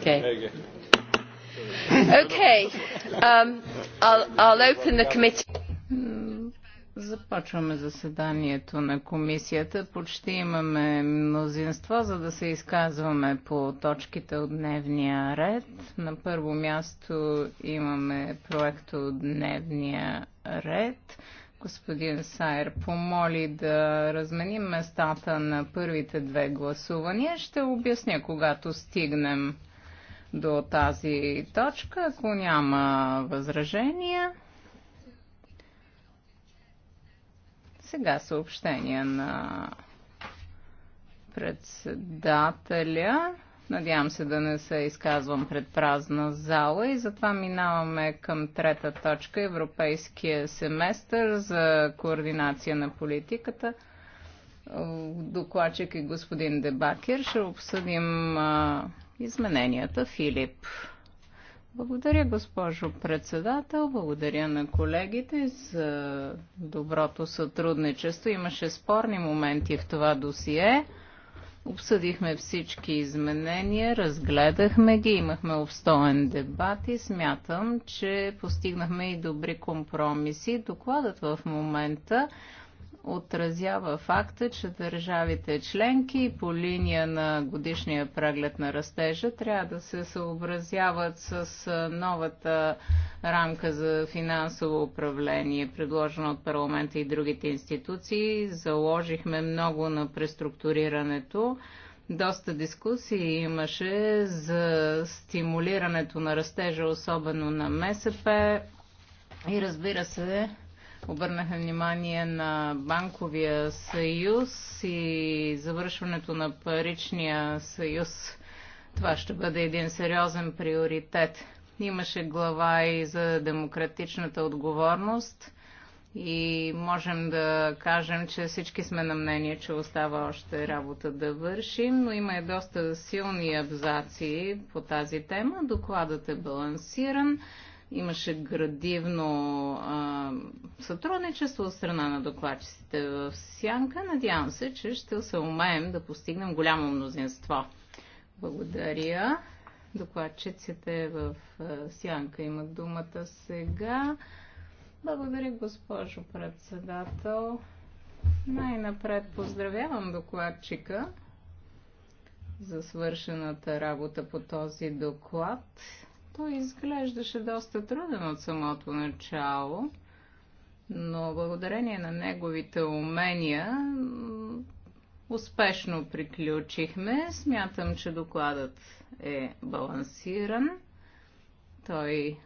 Okay. Okay. Um, I'll, I'll open the committee. Започваме заседанието на комисията. Почти имаме мнозинство, за да се изказваме по точките от дневния ред. На първо място имаме проекто от дневния ред. Господин Сайер помоли да разменим местата на първите две гласувания. Ще обясня, когато стигнем до тази точка, ако няма възражения. Сега съобщение на председателя. Надявам се да не се изказвам пред празна зала и затова минаваме към трета точка Европейския семестър за координация на политиката. Докладчик и е господин Дебакер ще обсъдим измененията. Филип. Благодаря, госпожо председател. Благодаря на колегите за доброто сътрудничество. Имаше спорни моменти в това досие. Обсъдихме всички изменения, разгледахме ги, имахме обстоен дебат и смятам, че постигнахме и добри компромиси. Докладът в момента отразява факта, че държавите членки по линия на годишния преглед на растежа трябва да се съобразяват с новата рамка за финансово управление, предложена от парламента и другите институции. Заложихме много на преструктурирането. Доста дискусии имаше за стимулирането на растежа, особено на МСП и разбира се, обърнаха внимание на банковия съюз и завършването на паричния съюз. Това ще бъде един сериозен приоритет. Имаше глава и за демократичната отговорност и можем да кажем, че всички сме на мнение, че остава още работа да вършим, но има и доста силни абзаци по тази тема. Докладът е балансиран Имаше градивно а, сътрудничество от страна на докладчиците в Сянка. Надявам се, че ще се умеем да постигнем голямо мнозинство. Благодаря. Докладчиците в Сянка имат думата сега. Благодаря, госпожо председател. Най-напред поздравявам докладчика за свършената работа по този доклад. Той изглеждаше доста труден от самото начало, но благодарение на неговите умения успешно приключихме. Смятам, че докладът е балансиран. Той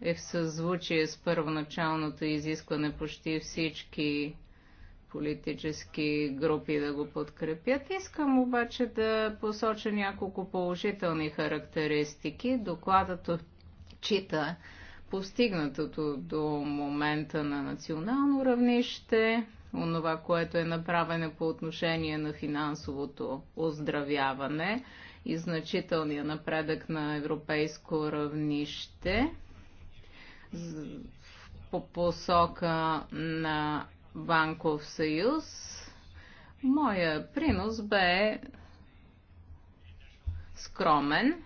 е в съзвучие с първоначалното изискване почти всички политически групи да го подкрепят. Искам обаче да посоча няколко положителни характеристики. Докладът отчита постигнатото до момента на национално равнище, онова, което е направено по отношение на финансовото оздравяване и значителния напредък на европейско равнище по посока на банков съюз, моя принос бе скромен,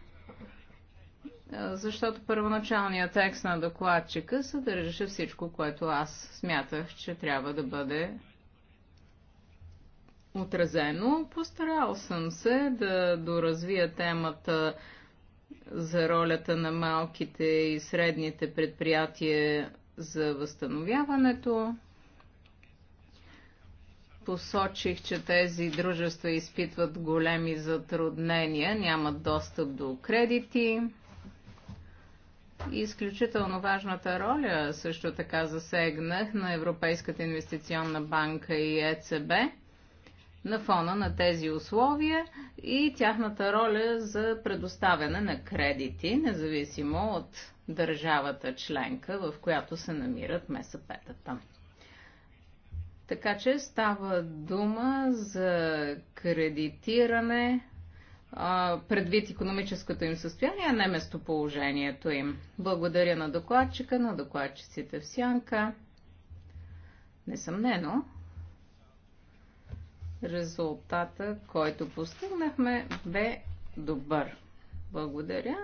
защото първоначалният текст на докладчика съдържаше всичко, което аз смятах, че трябва да бъде отразено. Постарал съм се да доразвия темата за ролята на малките и средните предприятия за възстановяването посочих, че тези дружества изпитват големи затруднения, нямат достъп до кредити. Изключително важната роля също така засегнах на Европейската инвестиционна банка и ЕЦБ на фона на тези условия и тяхната роля за предоставяне на кредити, независимо от държавата членка, в която се намират месапетата. Така че става дума за кредитиране а, предвид економическото им състояние, а не местоположението им. Благодаря на докладчика, на докладчиците в Сянка. Несъмнено, резултата, който постигнахме, бе добър. Благодаря.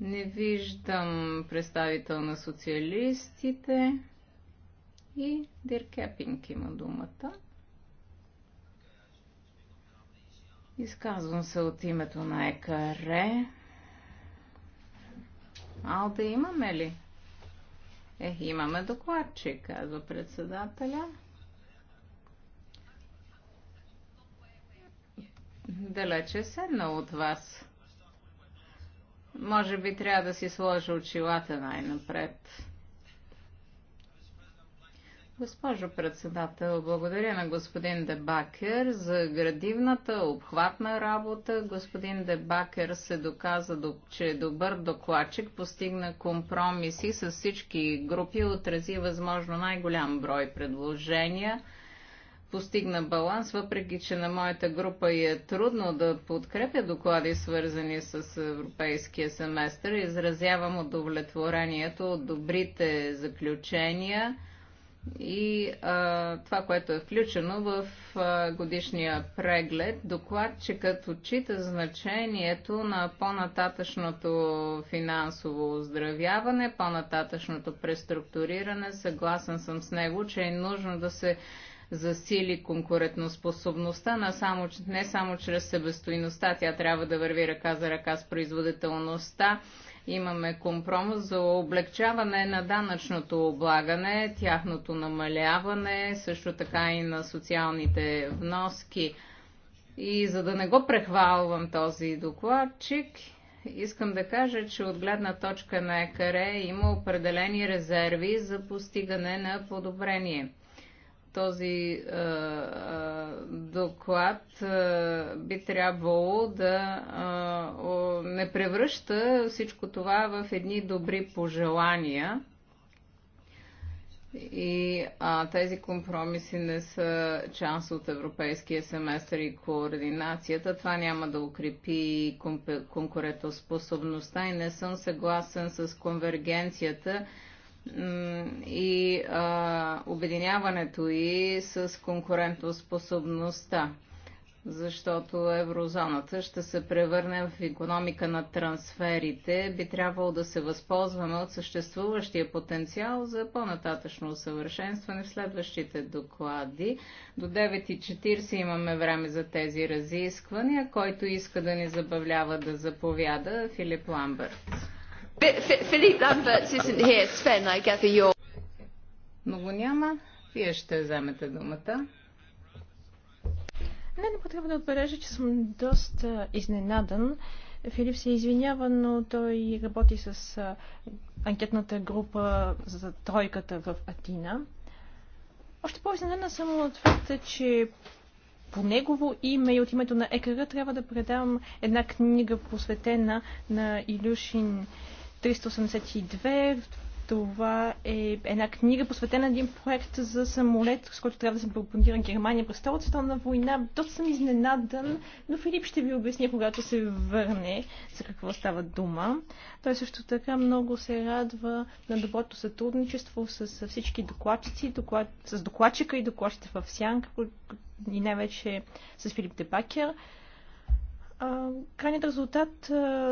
Не виждам представител на социалистите. И Диркепинг има думата. Изказвам се от името на ЕКР. Алда имаме ли? Е, имаме докладчик, казва председателя. Далече е седна от вас. Може би трябва да си сложа очилата най-напред. Госпожо председател, благодаря на господин Дебакер за градивната, обхватна работа. Господин Дебакер се доказа, че е добър докладчик, постигна компромиси с всички групи, отрази възможно най-голям брой предложения постигна баланс, въпреки че на моята група е трудно да подкрепя доклади, свързани с европейския семестър. Изразявам удовлетворението от добрите заключения и а, това, което е включено в а, годишния преглед, доклад, че като чита значението на по-нататъчното финансово оздравяване, по-нататъчното преструктуриране, съгласен съм с него, че е нужно да се засили конкурентоспособността, на само, не само чрез себестоиността, тя трябва да върви ръка за ръка с производителността Имаме компромис за облегчаване на данъчното облагане, тяхното намаляване, също така и на социалните вноски. И за да не го прехвалвам този докладчик, искам да кажа, че от гледна точка на ЕКР има определени резерви за постигане на подобрение този доклад би трябвало да не превръща всичко това в едни добри пожелания. И а, тези компромиси не са част от европейския семестър и координацията. Това няма да укрепи конкурентоспособността и не съм съгласен с конвергенцията и а, обединяването и с конкурентоспособността, защото еврозоната ще се превърне в економика на трансферите, би трябвало да се възползваме от съществуващия потенциал за по-нататъчно усъвършенстване в следващите доклади. До 9.40 имаме време за тези разисквания. Който иска да ни забавлява да заповяда, Филип Ламбърт. Филип Ламбертс isn't here. Sven, I gather you're... Много няма. Вие ще вземете думата. Не, не трябва да отбележа, че съм доста изненадан. Филип се извинява, но той работи с анкетната група за тройката в Атина. Още по-изненадана съм от факта, че по негово име и от името на Екара трябва да предам една книга посветена на Илюшин 382. Това е една книга, посветена на един проект за самолет, с който трябва да се пропондира Германия през Втората световна война. Доста съм изненадан, но Филип ще ви обясня, когато се върне, за какво става дума. Той също така много се радва на доброто сътрудничество с всички докладчици, доклад... с докладчика и докладчите в Сянка, и най-вече с Филип Дебакер. Крайният резултат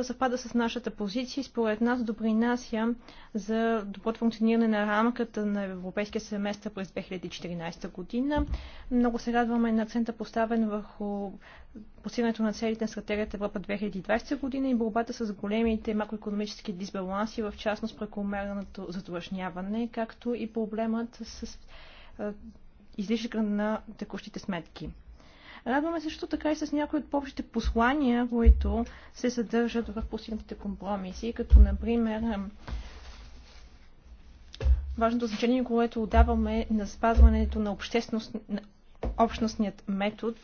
съвпада с нашата позиция и според нас допринася за доброто функциониране на рамката на Европейския семестър през 2014 година. Много се радваме на акцента поставен върху постигането на целите на стратегията Европа 2020 година и борбата с големите макроекономически дисбаланси, в частност прекомерното задлъжняване, както и проблемът с излишъка на текущите сметки. Радваме също така и с някои от повечето послания, които се съдържат в постигнатите компромиси, като например важното значение, което отдаваме на спазването на, общественост, на общностният метод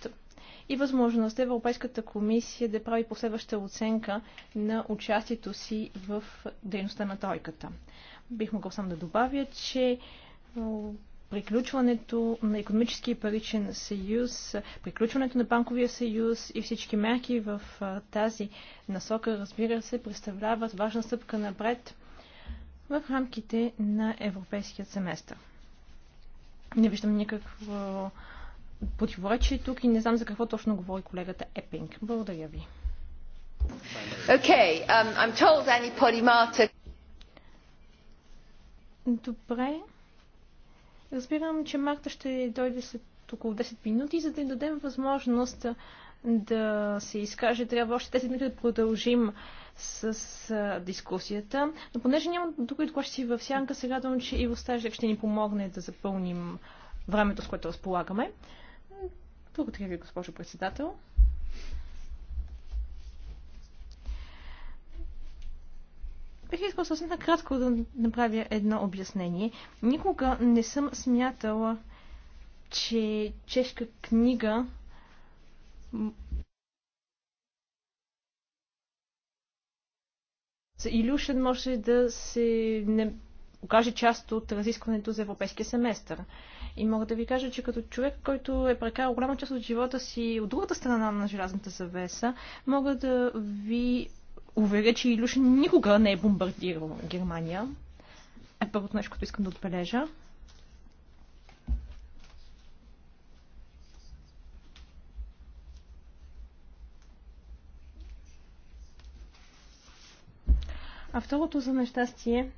и възможността Европейската комисия да прави последваща оценка на участието си в дейността на тройката. Бих могъл сам да добавя, че приключването на економически и паричен съюз, приключването на банковия съюз и всички мерки в тази насока, разбира се, представляват важна стъпка напред в рамките на европейския семестър. Не виждам никакво противоречие тук и не знам за какво точно говори колегата Епинг. Благодаря ви. Okay, um, I'm told Annie Добре. Разбирам, че Марта ще дойде след около 10 минути, за да им дадем възможност да се изкаже. Трябва още 10 минути да продължим с а, дискусията. Но понеже няма други си в сянка, се радвам, че Иво Стажек ще ни помогне да запълним времето, с което разполагаме. Благодаря ви, госпожо председател. Бих искал съвсем накратко да направя едно обяснение. Никога не съм смятала, че чешка книга за Илюшен може да се не окаже част от разискването за европейския семестър. И мога да ви кажа, че като човек, който е прекарал голяма част от живота си от другата страна на желязната завеса, мога да ви уверя, че Илюш никога не е бомбардирал Германия. Е първото нещо, което искам да отбележа. А второто за нещастие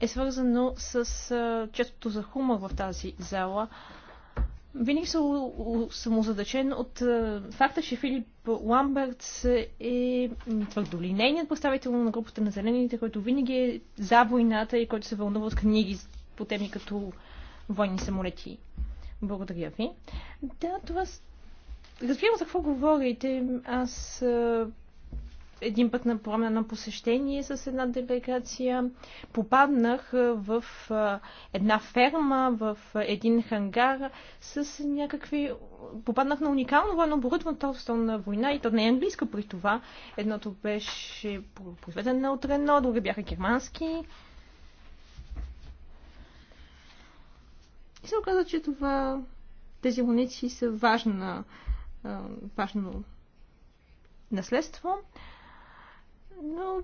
е свързано с честото за хумор в тази зала винаги съм озадачен от е, факта, че Филип Ламберт е твърдолинейният представител на групата на зелените, който винаги е за войната и който се вълнува от книги по теми като войни самолети. Благодаря ви. Да, това... Разбирам за какво говорите. Аз е, един път направя на посещение с една делегация. Попаднах в една ферма, в един хангар с някакви... Попаднах на уникално военно оборудване от на война и то не е английска при това. Едното беше произведено от Рено, други бяха германски. И се оказа, че това тези амуниции са важна, важно наследство но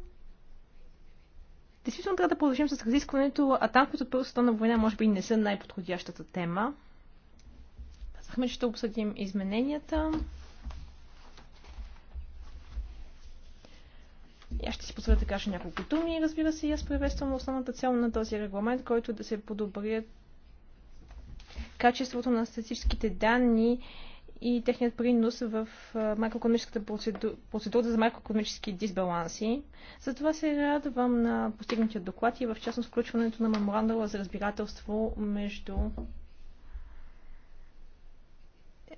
действително трябва да продължим с разискването, а танковете от Първата световна война може би не са най-подходящата тема. Казахме, че ще обсъдим измененията. И аз ще си позволя да кажа няколко думи. Разбира се, аз приветствам основната цел на този регламент, който е да се подобрят качеството на статистическите данни и техният принос в макроекономическата процедура, процедура за макроекономически дисбаланси. Затова се радвам на постигнатия доклад и в частност включването на меморандума за разбирателство между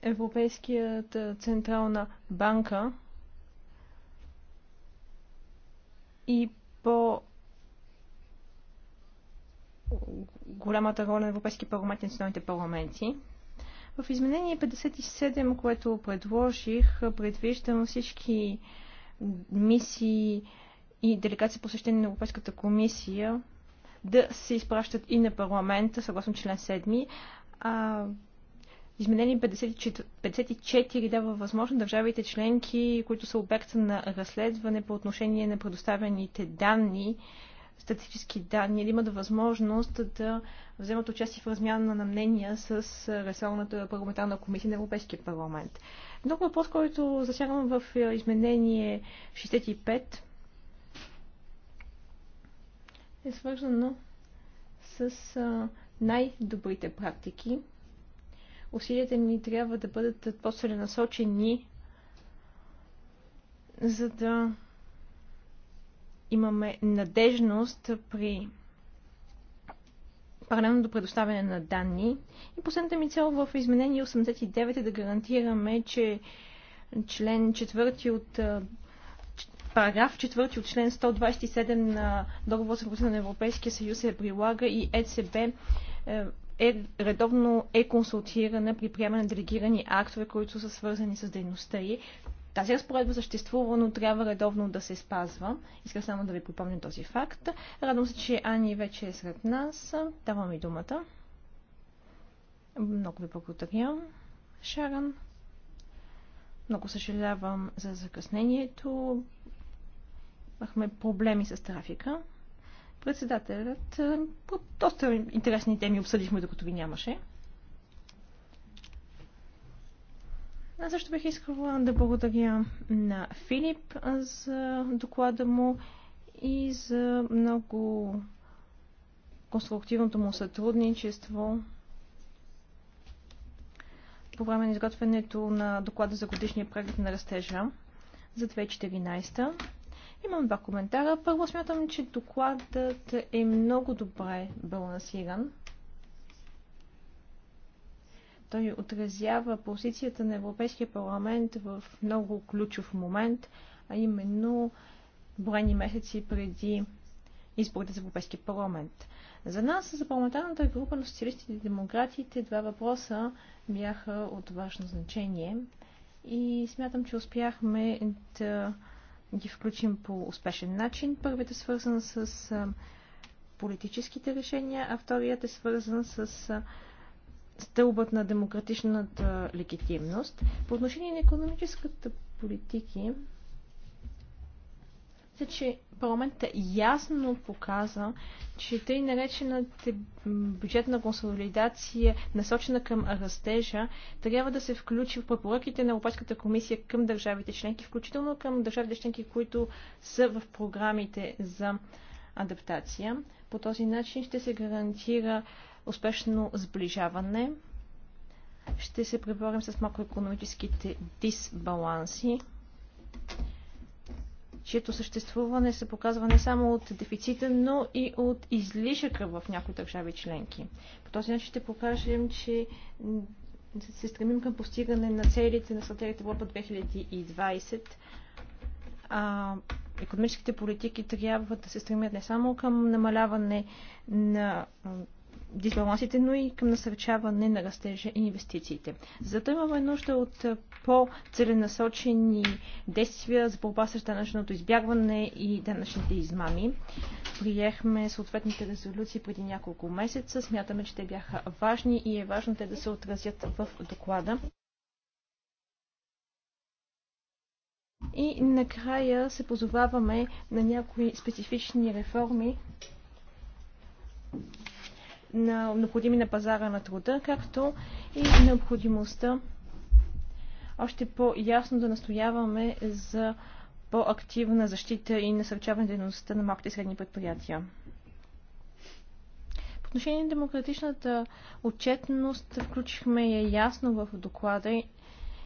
Европейският централна банка и по голямата роля на Европейски парламент и националните парламенти. В изменение 57, което предложих, предвиждам всички мисии и делегации посещени на Европейската комисия да се изпращат и на парламента, съгласно член 7. А, изменение 54, 54 дава възможност държавите членки, които са обекта на разследване по отношение на предоставените данни, статистически данни или имат възможност да вземат участие в размяна на мнения с е, ресорната парламентарна комисия на Европейския парламент. Друг въпрос, който засягам в е, изменение 65 е свързано с е, най-добрите практики. Усилията ни трябва да бъдат по-целенасочени, за да имаме надежност при паралелното предоставяне на данни. И последната ми цел в изменение 89 е да гарантираме, че член 4 от параграф 4 от член 127 на договор за на Европейския съюз се прилага и ЕЦБ е, е редовно е консултирана при приемане на делегирани актове, които са свързани с дейността и тази разпоредба съществува, но трябва редовно да се спазва. Искам само да ви припомня този факт. Радвам се, че Ани вече е сред нас. Давам ви думата. Много ви благодаря, Шаран. Много съжалявам за закъснението. Имахме проблеми с трафика. Председателят, по доста интересни теми обсъдихме, докато ви нямаше. Аз също бих искала да благодаря на Филип за доклада му и за много конструктивното му сътрудничество по време на изготвянето на доклада за годишния преглед на растежа за 2014. Имам два коментара. Първо смятам, че докладът е много добре балансиран. Той отразява позицията на Европейския парламент в много ключов момент, а именно броени месеци преди изборите за Европейския парламент. За нас, за парламентарната група на социалистите и демократите, два въпроса бяха от важно значение и смятам, че успяхме да ги включим по успешен начин. Първият е свързан с политическите решения, а вторият е свързан с стълбът на демократичната легитимност. По отношение на економическата политики, мисля, че парламентът ясно показа, че тъй наречената бюджетна консолидация, насочена към растежа, трябва да се включи в препоръките на Европейската комисия към държавите членки, включително към държавите членки, които са в програмите за адаптация. По този начин ще се гарантира успешно сближаване. Ще се преборим с макроекономическите дисбаланси, чието съществуване се показва не само от дефицита, но и от излишъка в някои държави членки. По този начин ще покажем, че се стремим към постигане на целите на стратегията Европа 2020. А, економическите политики трябва да се стремят не само към намаляване на дисбалансите, но и към насърчаване на растежа и инвестициите. Зато имаме нужда от по-целенасочени действия за борба с данъчното избягване и данъчните измами. Приехме съответните резолюции преди няколко месеца. Смятаме, че те бяха важни и е важно те да се отразят в доклада. И накрая се позоваваме на някои специфични реформи, на необходими на пазара на труда, както и необходимостта още по-ясно да настояваме за по-активна защита и насърчаване дейността на малките и средни предприятия. По отношение на демократичната отчетност включихме я ясно в доклада и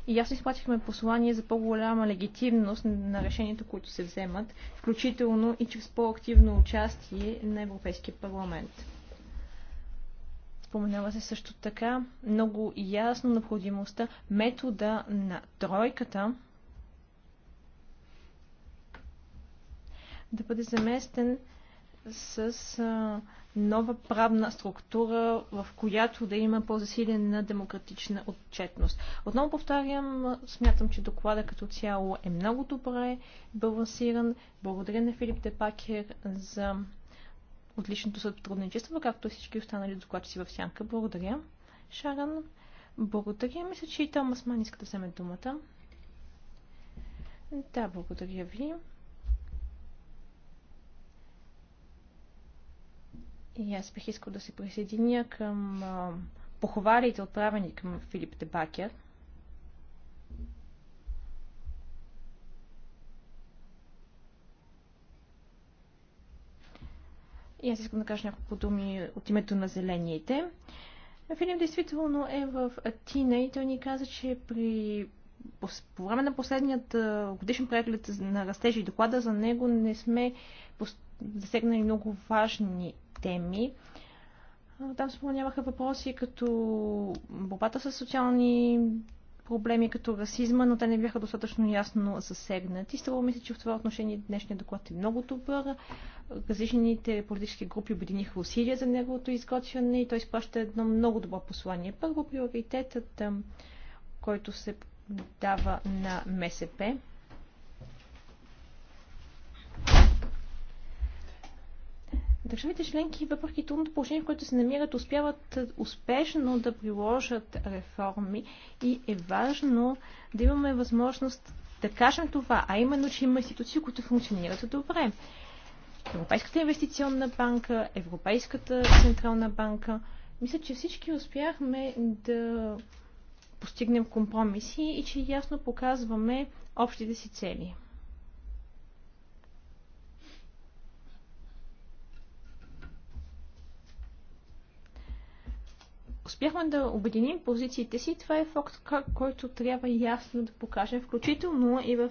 ясно изплатихме послание за по-голяма легитимност на решението, които се вземат, включително и чрез по-активно участие на Европейския парламент. Споменава се също така много ясно необходимостта метода на тройката да бъде заместен с а, нова правна структура, в която да има по-засилена демократична отчетност. Отново повтарям, смятам, че доклада като цяло е много добре балансиран. Благодаря на Филип Депакер за отличното сътрудничество, както и всички останали докладчици в сянка. Благодаря, Шаран. Благодаря. Мисля, че и Томас Ман иска да вземе думата. Да, благодаря ви. И аз бих искал да се присъединя към похвалите, отправени към Филип Дебакер. И аз искам да кажа няколко думи от името на зелените. Филип действително е в Атина и той ни каза, че при по време на последният годишен преглед на растежи и доклада за него не сме засегнали много важни теми. Там споменяваха въпроси като борбата с социални проблеми като расизма, но те не бяха достатъчно ясно засегнати. Струва ми се, че в това отношение днешният доклад е много добър. Различните политически групи обединиха усилия за неговото изготвяне и той изпраща едно много добро послание. Първо, приоритетът, който се дава на МСП, Държавите членки, въпреки трудното положение, в което се намират, успяват успешно да приложат реформи и е важно да имаме възможност да кажем това, а именно, че има институции, които функционират добре. Европейската инвестиционна банка, Европейската централна банка. Мисля, че всички успяхме да постигнем компромиси и че ясно показваме общите си цели. успяхме да обединим позициите си, това е факт, който трябва ясно да покажем, включително и в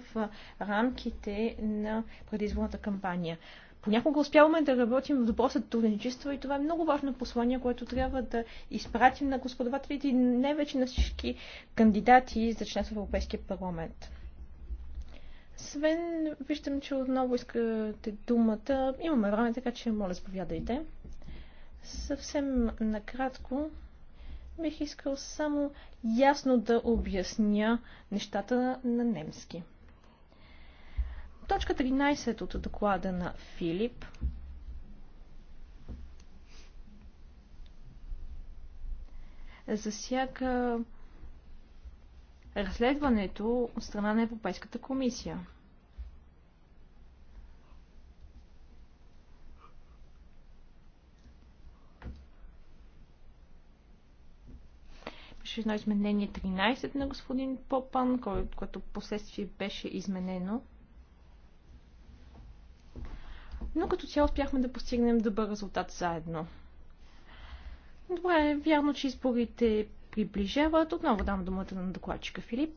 рамките на предизборната кампания. Понякога успяваме да работим в добро сътрудничество и това е много важно послание, което трябва да изпратим на господавателите и не вече на всички кандидати за членство в Европейския парламент. Свен, виждам, че отново искате думата. Имаме време, така че моля, заповядайте. Съвсем накратко бих искал само ясно да обясня нещата на немски. Точка 13 от доклада на Филип засяга разследването от страна на Европейската комисия. едно изменение 13 на господин Попан, което последствие беше изменено. Но като цяло успяхме да постигнем добър резултат заедно. Добре, вярно, че изборите приближават. Отново дам думата на докладчика Филип.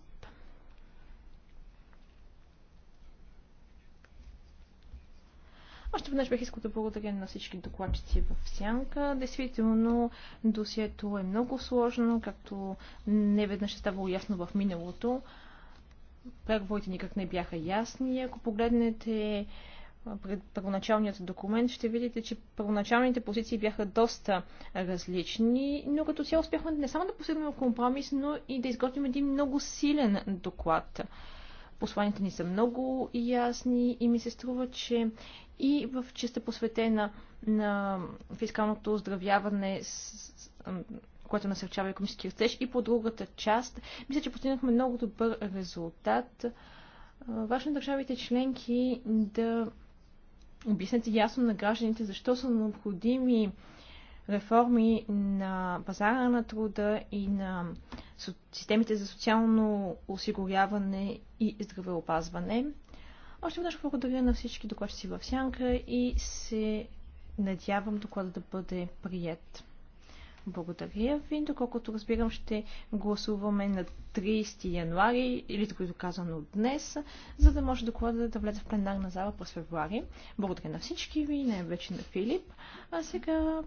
Още веднъж бих искал да благодаря на всички докладчици в Сянка. Действително, досието е много сложно, както не веднъж е ставало ясно в миналото. Преговорите никак не бяха ясни. Ако погледнете пред първоначалният документ, ще видите, че първоначалните позиции бяха доста различни, но като цяло успяхме не само да постигнем компромис, но и да изготвим един много силен доклад. Посланите ни са много ясни и ми се струва, че и в честа посветена на фискалното оздравяване, което насърчава економически растеж, и по другата част, мисля, че постигнахме много добър резултат. Важно е държавите членки да обяснят ясно на гражданите защо са необходими реформи на пазара на труда и на системите за социално осигуряване и здравеопазване. Още веднъж благодаря на всички докладчици в Сянка и се надявам доклада да бъде прият. Благодаря ви. Доколкото разбирам, ще гласуваме на 30 януари, или така казано днес, за да може доклада да влезе в пленарна зала през февруари. Благодаря на всички ви, най-вече на Филип. А сега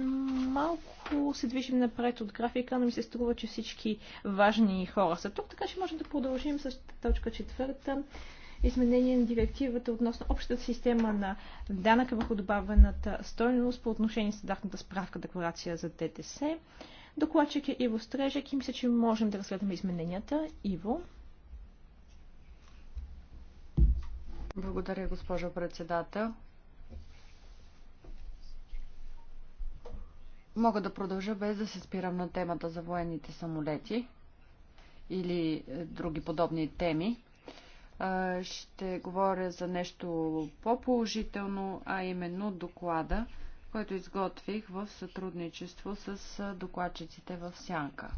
малко се движим напред от графика, но ми се струва, че всички важни хора са тук, така че можем да продължим с точка четвърта. Изменение на директивата относно общата система на данъка върху добавената стойност по отношение с стандартната справка декларация за ДТС. Докладчик е Иво Стрежек и мисля, че можем да разгледаме измененията. Иво. Благодаря, госпожо председател. Мога да продължа без да се спирам на темата за военните самолети или е, други подобни теми. Ще говоря за нещо по-положително, а именно доклада, който изготвих в сътрудничество с докладчиците в Сянка.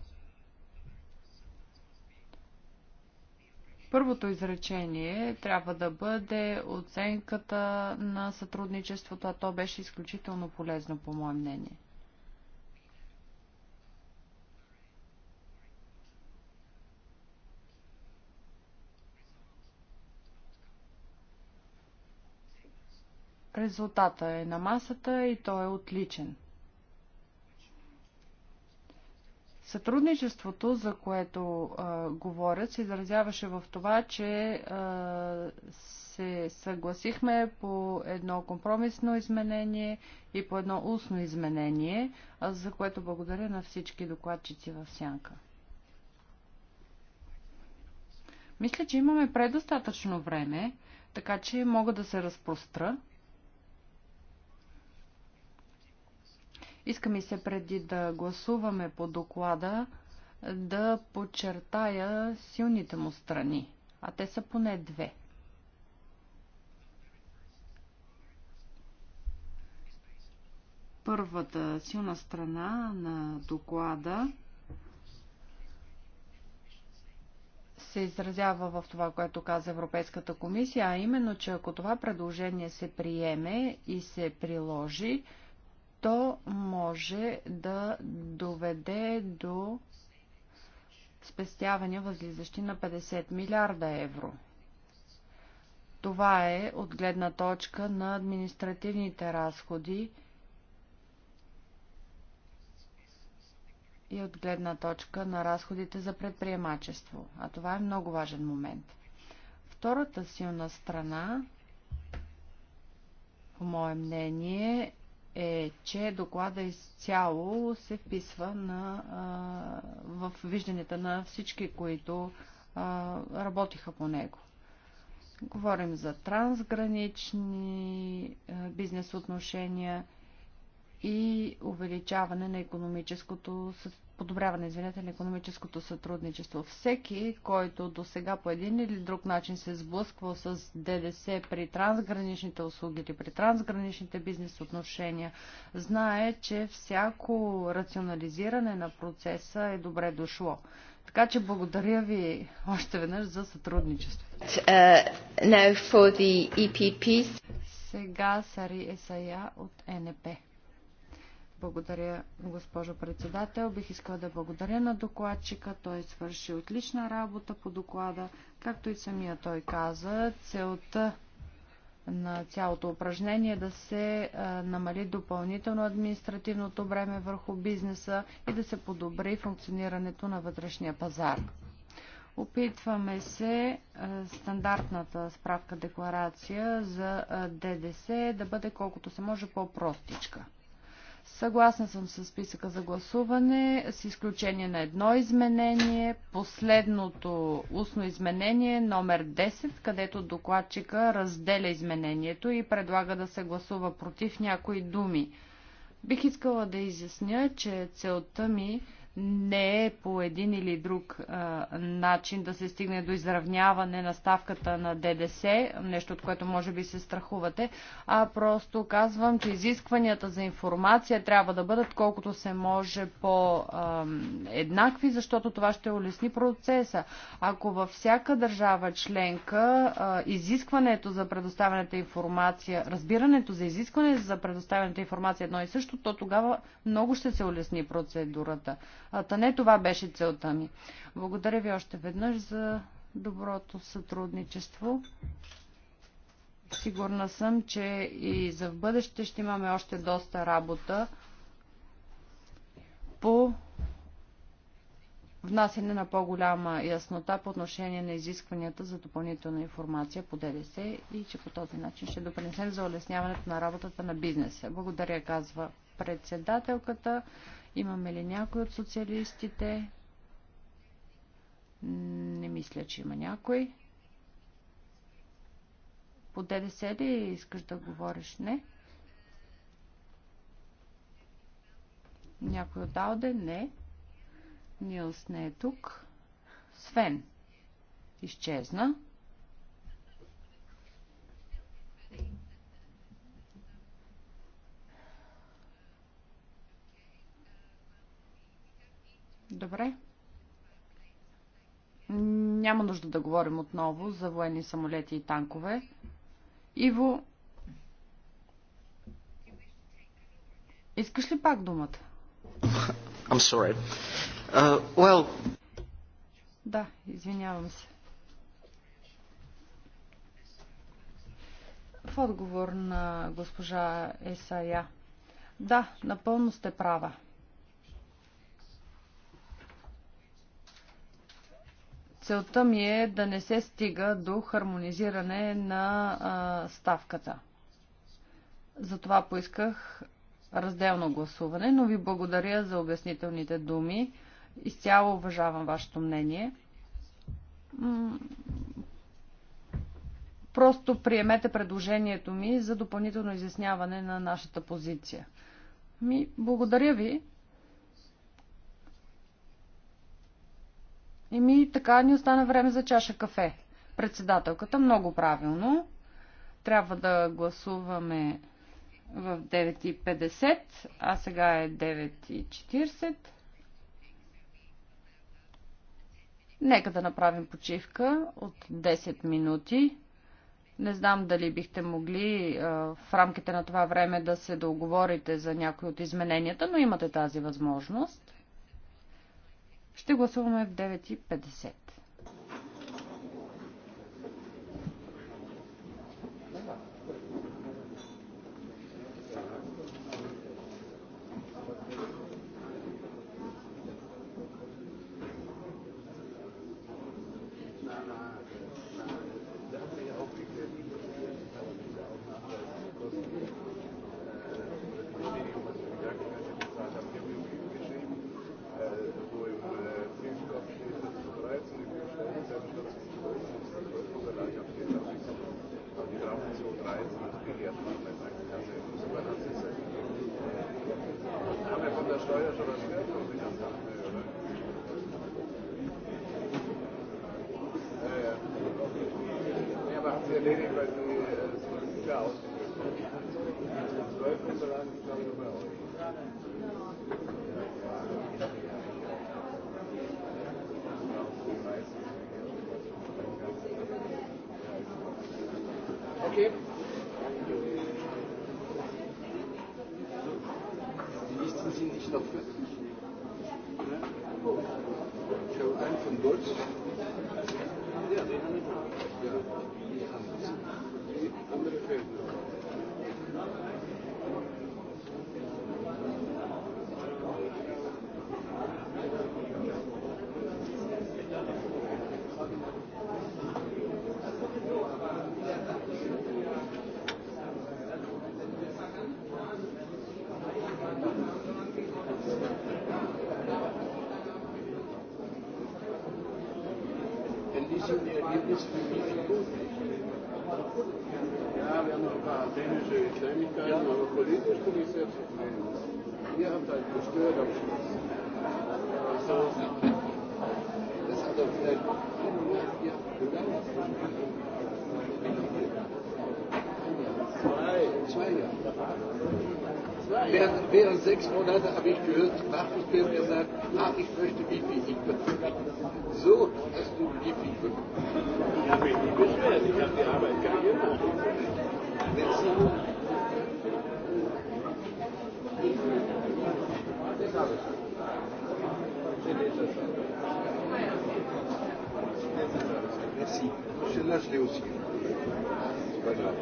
Първото изречение трябва да бъде оценката на сътрудничеството, а то беше изключително полезно, по мое мнение. Резултата е на масата и той е отличен. Сътрудничеството, за което а, говорят, се изразяваше в това, че а, се съгласихме по едно компромисно изменение и по едно устно изменение, а, за което благодаря на всички докладчици в Сянка. Мисля, че имаме предостатъчно време, така че мога да се разпростра Иска ми се преди да гласуваме по доклада да подчертая силните му страни, а те са поне две. Първата силна страна на доклада се изразява в това, което каза Европейската комисия, а именно, че ако това предложение се приеме и се приложи, то може да доведе до спестявания, възлизащи на 50 милиарда евро. Това е от гледна точка на административните разходи и от гледна точка на разходите за предприемачество. А това е много важен момент. Втората силна страна, по мое мнение, е, че доклада изцяло се вписва на, в вижданията на всички, които работиха по него. Говорим за трансгранични бизнес отношения и увеличаване на економическото състояние подобряване, извинете, на економическото сътрудничество. Всеки, който до сега по един или друг начин се е сблъсквал с ДДС при трансграничните услуги или при трансграничните бизнес отношения, знае, че всяко рационализиране на процеса е добре дошло. Така че благодаря ви още веднъж за сътрудничеството. Uh, e Сега Сари Есая от НП. Благодаря, госпожо председател. Бих искала да благодаря на докладчика. Той е свърши отлична работа по доклада. Както и самия той каза, целта на цялото упражнение е да се намали допълнително административното време върху бизнеса и да се подобри функционирането на вътрешния пазар. Опитваме се стандартната справка-декларация за ДДС да бъде колкото се може по-простичка – Съгласна съм с списъка за гласуване, с изключение на едно изменение, последното устно изменение, номер 10, където докладчика разделя изменението и предлага да се гласува против някои думи. Бих искала да изясня, че целта ми е не е по един или друг а, начин да се стигне до изравняване на ставката на ДДС, нещо от което може би се страхувате, а просто казвам, че изискванията за информация трябва да бъдат колкото се може по-еднакви, защото това ще улесни процеса. Ако във всяка държава членка а, изискването за предоставената информация, разбирането за изискване за предоставената информация е едно и също, то тогава много ще се улесни процедурата. А Та не това беше целта ми. Благодаря ви още веднъж за доброто сътрудничество. Сигурна съм, че и за в бъдеще ще имаме още доста работа по внасяне на по-голяма яснота по отношение на изискванията за допълнителна информация по ДДС и че по този начин ще допринесем за улесняването на работата на бизнеса. Благодаря, казва председателката. Имаме ли някой от социалистите? Не мисля, че има някой. По ДДС ли искаш да говориш? Не. Някой от Алде? Не. Нилс не е тук. Свен. Изчезна. Добре. Няма нужда да говорим отново за военни самолети и танкове. Иво, искаш ли пак думата? I'm sorry. Uh, well... Да, извинявам се. В отговор на госпожа Есая. Да, напълно сте права. Целта ми е да не се стига до хармонизиране на а, ставката. Затова поисках разделно гласуване, но ви благодаря за обяснителните думи. Изцяло уважавам вашето мнение. Просто приемете предложението ми за допълнително изясняване на нашата позиция. Ми, благодаря ви. И ми така ни остана време за чаша кафе. Председателката много правилно. Трябва да гласуваме в 9.50, а сега е 9.40. Нека да направим почивка от 10 минути. Не знам дали бихте могли в рамките на това време да се договорите за някои от измененията, но имате тази възможност. Ще гласуваме в 9.50. sind die Ergebnisse wirklich gut. Ja, wir haben noch ein paar am Schluss. das hat doch vielleicht. während, während sechs Monate habe ich gehört, Nachrichten haben gesagt, ah, ich möchte Wifi, ich möchte So hast du Wifi bekommen. Ich habe mich nicht beschwert, ich habe die Arbeit gar gemacht. Merci. Merci. je l'ai aussi. C'est pas grave.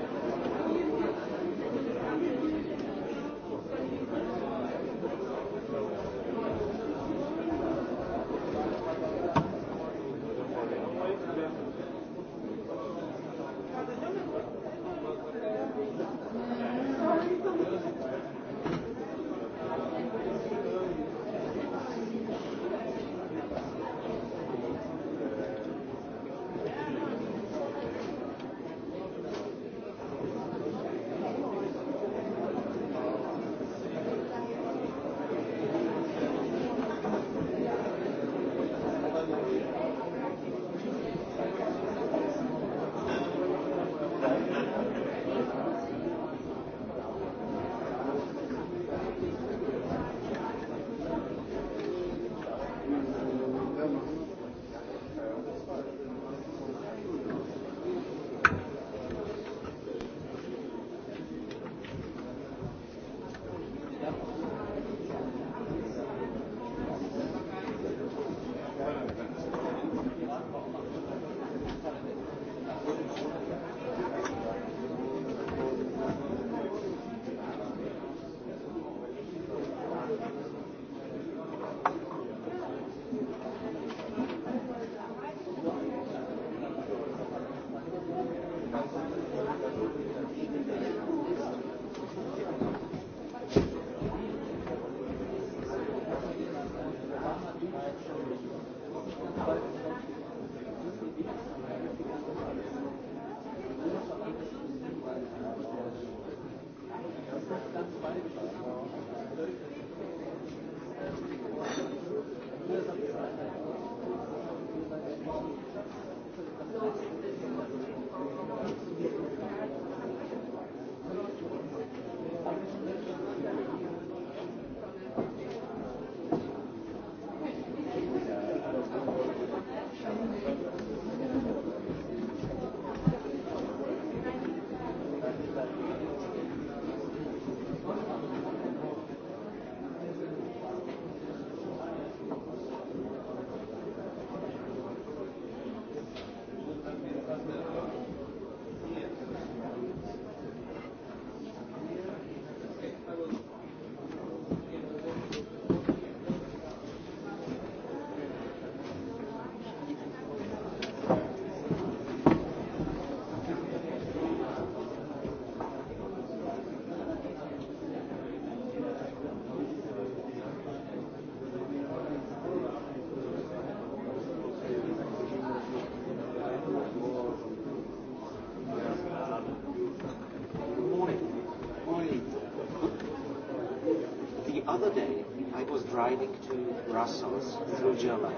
to Germany.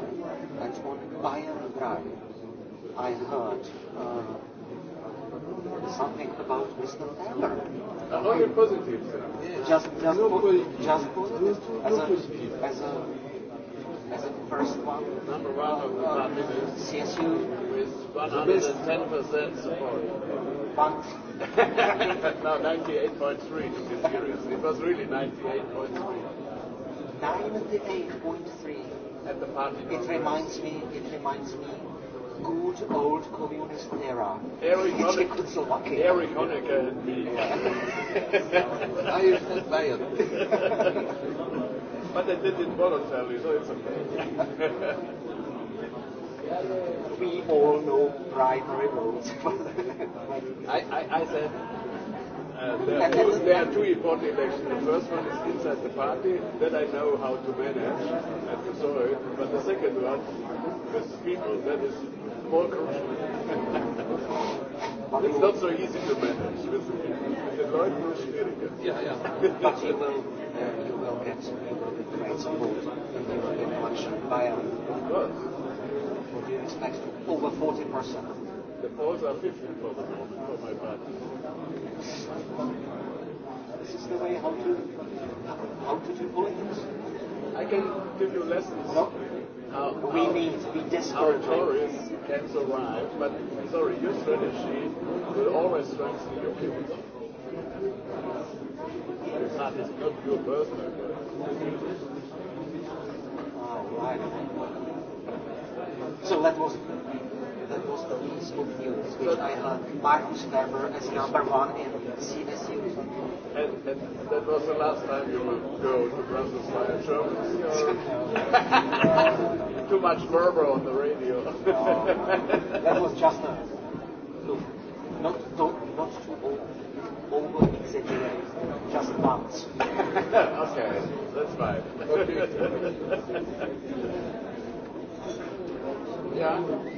And on Bayern Drive, I heard uh, something about Mr. Taylor. Oh, you're positive, sir. Just, just, no, po- just positive. No, As a, as a, as a first one. Number one of the prime minister. CSU. With 110% support. But no, 98.3 to be serious. It was really 98.3. 98.3 at the party. It reminds me. It reminds me. Good old communist era. Czechoslovakia. Erich Honecker had me. I felt bad. But I did it voluntarily, so it's okay. we all know primary votes. I, I, I said Uh, there, there are two important elections. The first one is inside the party, that I know how to manage, and you saw it. But the second one, with people, that is more crucial. it's not so easy to manage with the people. the Leute schwieriger. Yeah, yeah. but you will, uh, you will get people with great support in the European election Bayern. Of course. What do you expect? Over 40%. The polls are 50 for my party. This is the way how to how to do politics. I can give you lessons. No? How we need to be desperate. How Tories can survive, but sorry, your strategy will always strengthen your people. That is not your personal. Oh, right. So that was that was the least of news, which I had Markus Weber as number one in CSU. And, and that was the last time you would go to Brussels by a Germany. Too much Weber on the radio. no, that was just a look. Not, don't, not too over exaggerated, just once. okay, that's fine. Okay. yeah.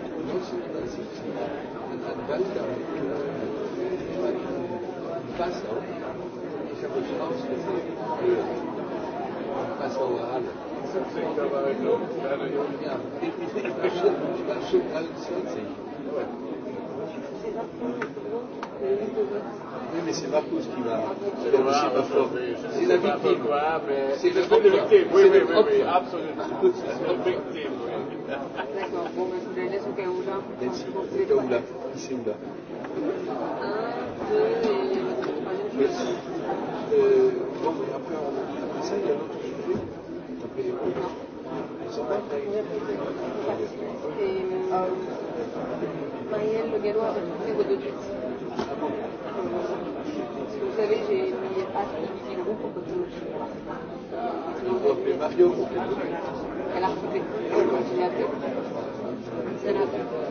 Passau, ich habe es rausgefunden, Oui, Oui, oui, oui, absolument d'être le cas où là, ici ou là. Merci. Euh, bon, mais après, on a ça, il y a l'autre sujet. Après, les pays. Ça va Marielle Le Gallois a répondu vos deux tweets. Vous savez, j'ai mis hâte de quitter le groupe pour que je. Mais Mario, elle a refusé. Elle a refusé.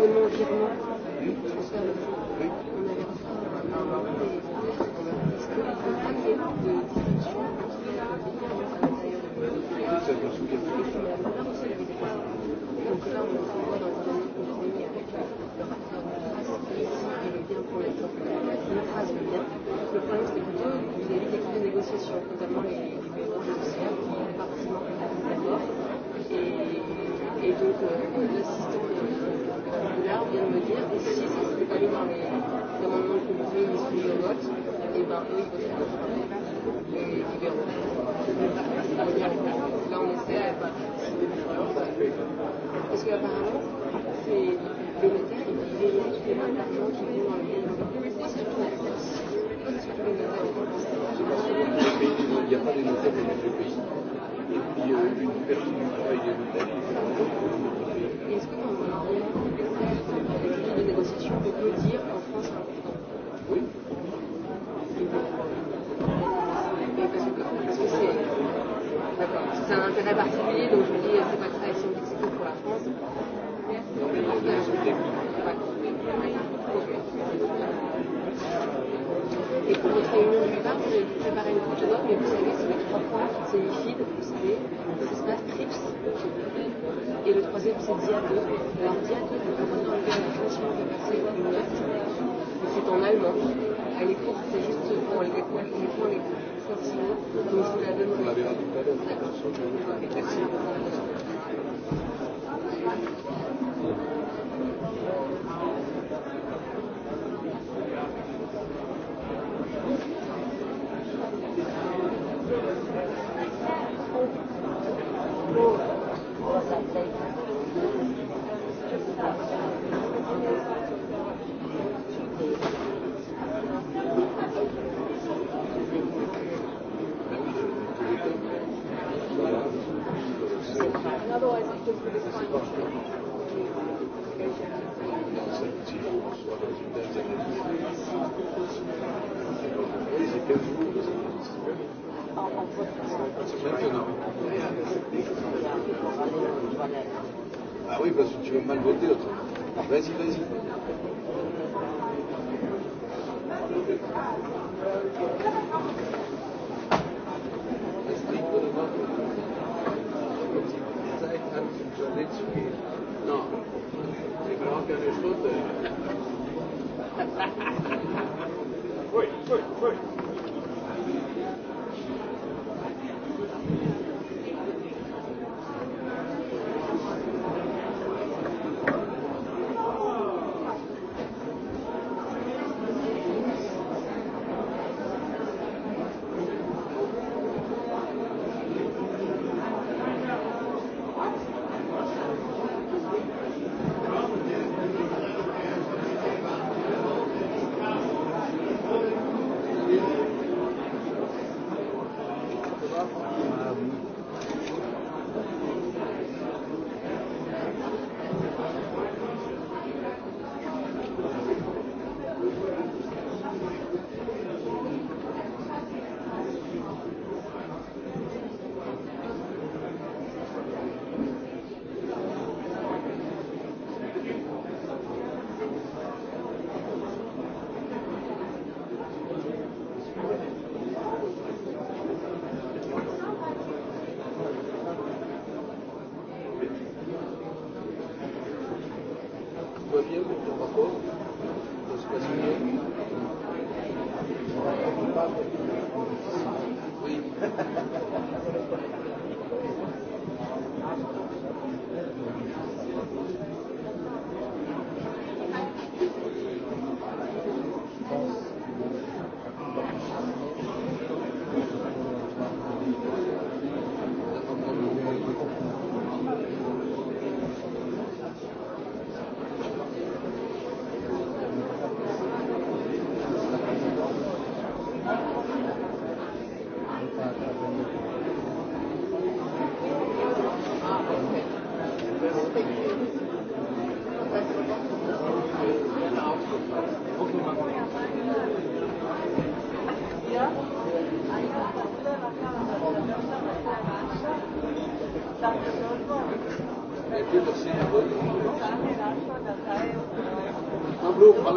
Comment, comment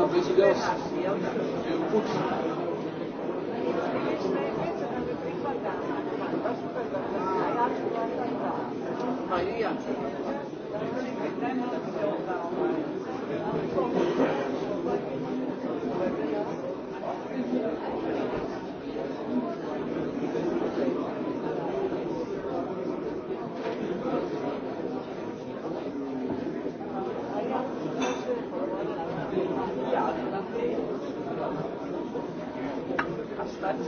la présidence. Thank you. Von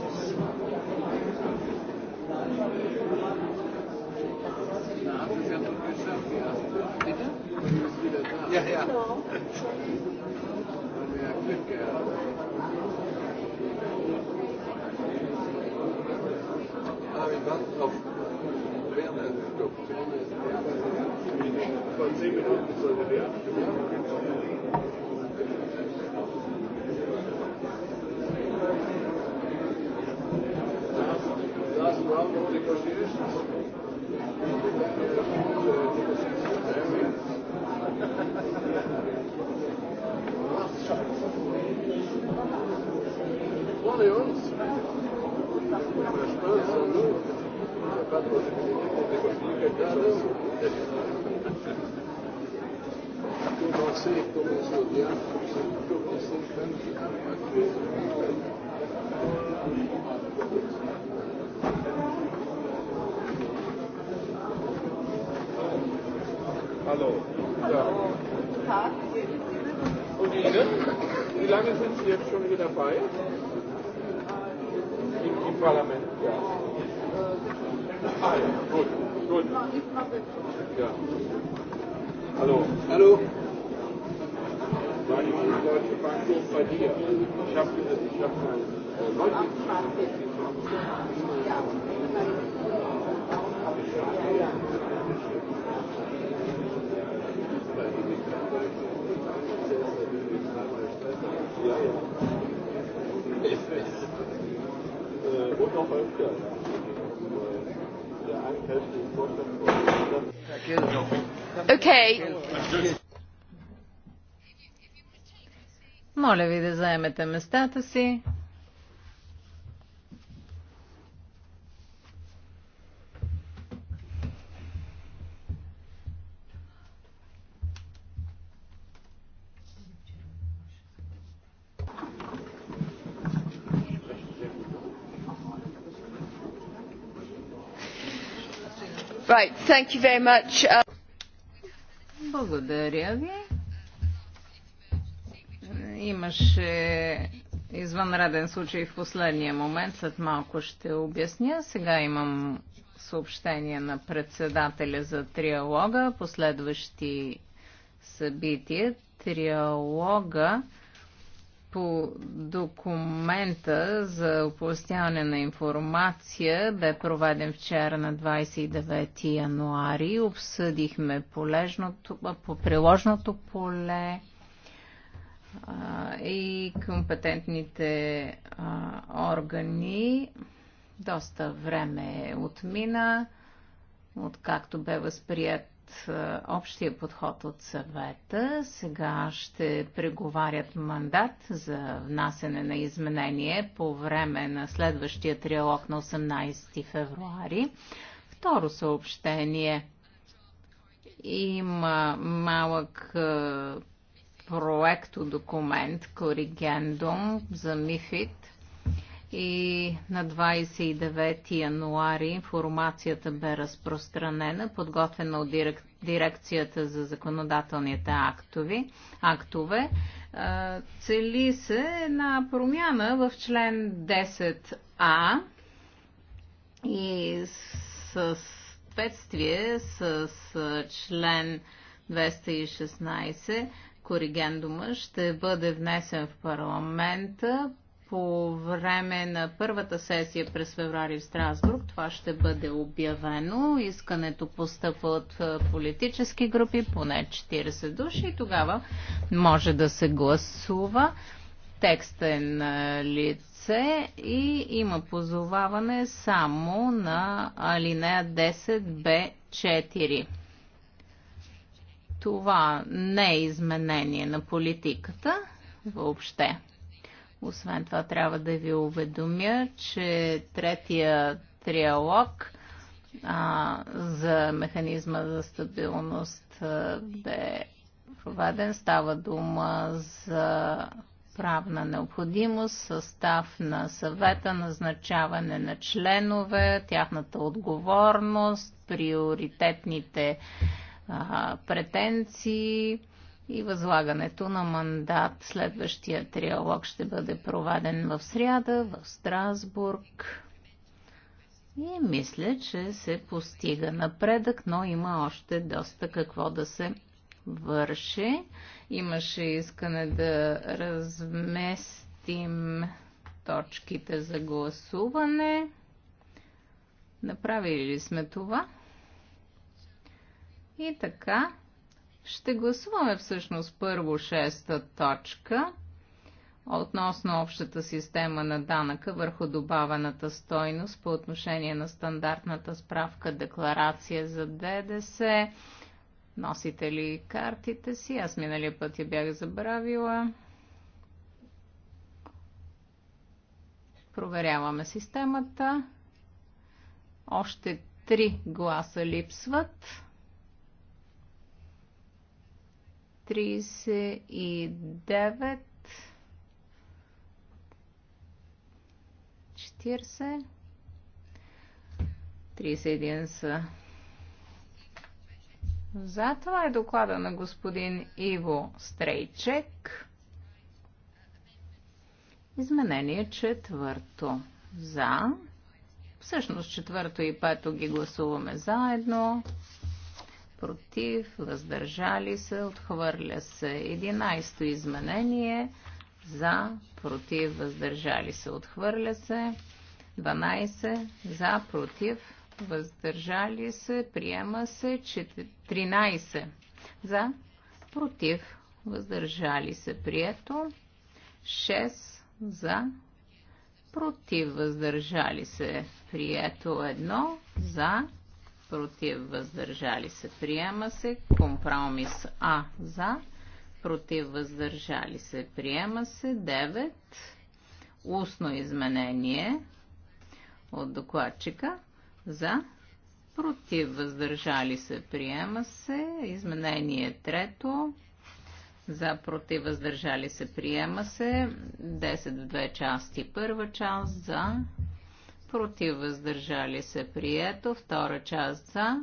zehn Minuten sollte der. Hallo. Ja. Und Ihnen? Wie lange sind Sie jetzt schon wieder dabei? Моля ви да заемете местата си. Right, thank you very much. Uh, Благодаря ви. Имаше извънреден случай в последния момент, след малко ще обясня. Сега имам съобщение на председателя за триалога, последващи събития. Триалога по документа за оповестяване на информация бе проведен вчера на 29 януари. Обсъдихме полежното, по приложното поле и компетентните органи. Доста време отмина, откакто бе възприят общия подход от съвета. Сега ще преговарят мандат за внасене на изменение по време на следващия триалог на 18 февруари. Второ съобщение. Има малък проекто документ Коригендум за МИФИД и на 29 януари информацията бе разпространена, подготвена от дирекцията за законодателните актови, актове. Цели се една промяна в член 10а и съответствие с член 216 коригендума ще бъде внесен в парламента по време на първата сесия през феврари в Страсбург. Това ще бъде обявено. Искането постъпва от политически групи, поне 40 души и тогава може да се гласува. Текстът е на лице и има позоваване само на алинея 10b4. Това не е изменение на политиката въобще. Освен това, трябва да ви уведомя, че третия триалог а, за механизма за стабилност а, бе проведен. Става дума за правна необходимост, състав на съвета, назначаване на членове, тяхната отговорност, приоритетните а, претенции и възлагането на мандат. Следващия триалог ще бъде проведен в сряда в Страсбург. И мисля, че се постига напредък, но има още доста какво да се върши. Имаше искане да разместим точките за гласуване. Направили ли сме това? И така, ще гласуваме всъщност първо шеста точка относно общата система на данъка върху добавената стойност по отношение на стандартната справка декларация за ДДС. Носите ли картите си? Аз миналия път я бях забравила. Проверяваме системата. Още три гласа липсват. 39 40 31 са за. Това е доклада на господин Иво Стрейчек. Изменение четвърто. За. Всъщност четвърто и пето ги гласуваме заедно против, въздържали се, отхвърля се. 11 изменение за, против, въздържали се, отхвърля се. 12 за, против, въздържали се, приема се. 13 за, против, въздържали се, прието. 6 за, против, въздържали се, прието. 1 за, против, въздържали се, приема се. Компромис А за, против, въздържали се, приема се. 9. Устно изменение от докладчика за, против, въздържали се, приема се. Изменение трето. За против въздържали се приема се 10 в 2 части. Първа част за против въздържали се прието, втора част за,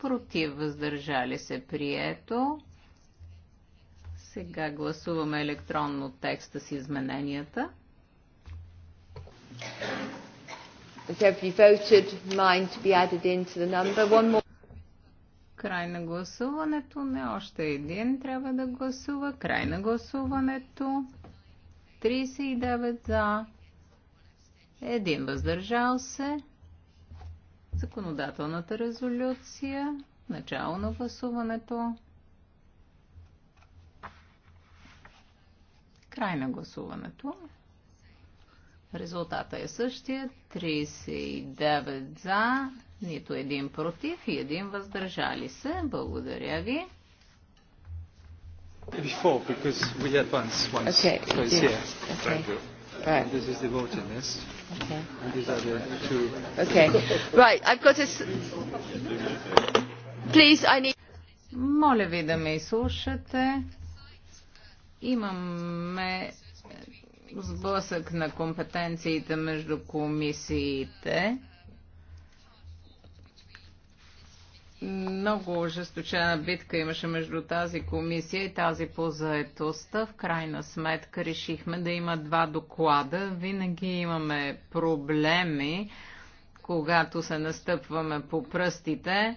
против въздържали се прието. Сега гласуваме електронно текста с измененията. Край на гласуването. Не още един трябва да гласува. Край на гласуването. 39 за, един въздържал се. Законодателната резолюция, начало на гласуването, край на гласуването. Резултата е същия. 39 за, нито един против и един въздържали се. Благодаря ви. Before, because we had once, once. Okay. So it's yeah. here. Okay. Thank you. Right. This is the voting list. Okay. And these are the two. Okay. Right. I've got a. Please, I need. Моля ви да ме изслушате. Имаме сблъсък на компетенциите между комисиите. Много ожесточена битка имаше между тази комисия и тази по заетостта. В крайна сметка решихме да има два доклада. Винаги имаме проблеми, когато се настъпваме по пръстите.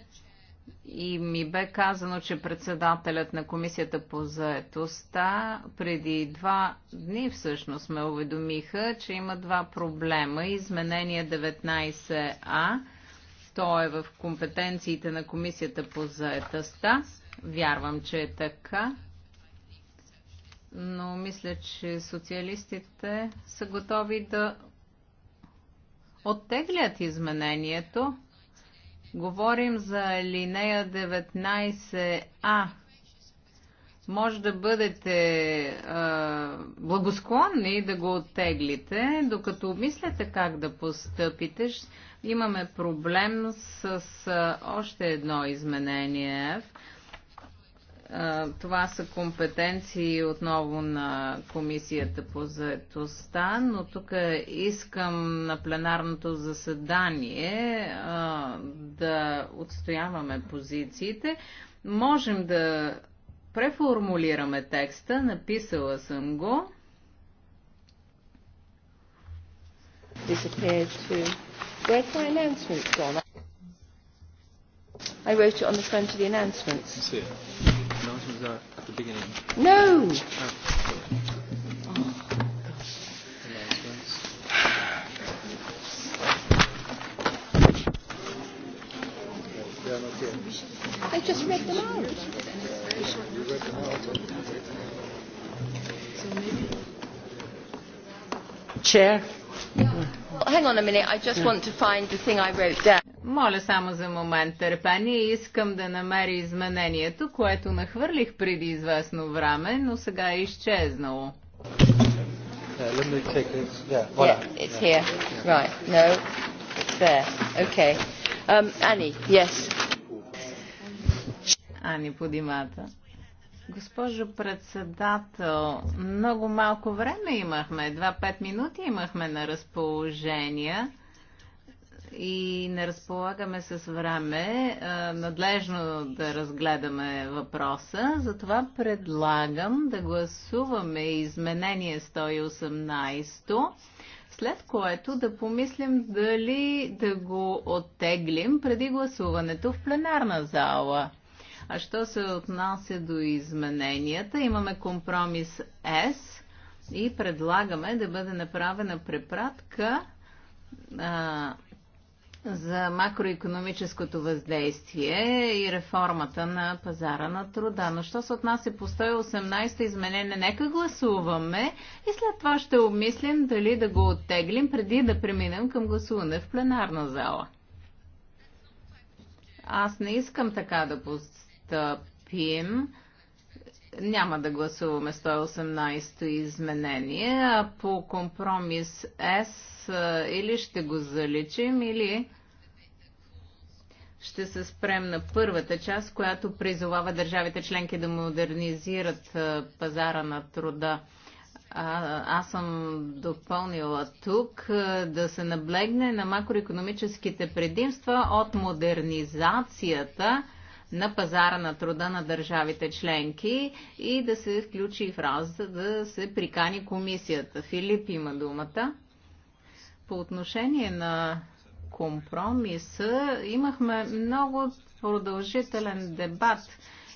И ми бе казано, че председателят на комисията по заетостта преди два дни всъщност ме уведомиха, че има два проблема. Изменение 19А – то е в компетенциите на Комисията по заетостта. Вярвам, че е така. Но мисля, че социалистите са готови да оттеглят изменението. Говорим за линея 19А може да бъдете а, благосклонни да го оттеглите, докато обмисляте как да постъпите. Имаме проблем с а, още едно изменение. А, това са компетенции отново на комисията по заедостта, но тук искам на пленарното заседание а, да отстояваме позициите. Можем да преформулираме текста, написала съм го. I wrote it on the front of the announcements. You see it. The announcements was at the beginning. No! Oh. oh I just read them out. Chair. Hang on a minute, I just want to find the thing I wrote down. Моля само за момент търпение. Искам да намеря изменението, което нахвърлих преди известно време, но сега е изчезнало. It's here. Right. No. It's there. Okay. Um, Annie, yes. Ани Подимата. Госпожо председател, много малко време имахме, едва 5 минути имахме на разположение и не разполагаме с време надлежно да разгледаме въпроса. Затова предлагам да гласуваме изменение 118, след което да помислим дали да го оттеглим преди гласуването в пленарна зала. А що се отнася до измененията, имаме компромис С и предлагаме да бъде направена препратка а, за макроекономическото въздействие и реформата на пазара на труда. Но що се отнася по 118 изменение, нека гласуваме и след това ще обмислим дали да го оттеглим преди да преминем към гласуване в пленарна зала. Аз не искам така да пристъпим. Няма да гласуваме 118-то изменение, а по компромис С или ще го заличим, или ще се спрем на първата част, която призовава държавите членки да модернизират пазара на труда. А, аз съм допълнила тук да се наблегне на макроекономическите предимства от модернизацията на пазара на труда на държавите членки и да се включи в за да се прикани комисията. Филип има думата. По отношение на компромиса имахме много продължителен дебат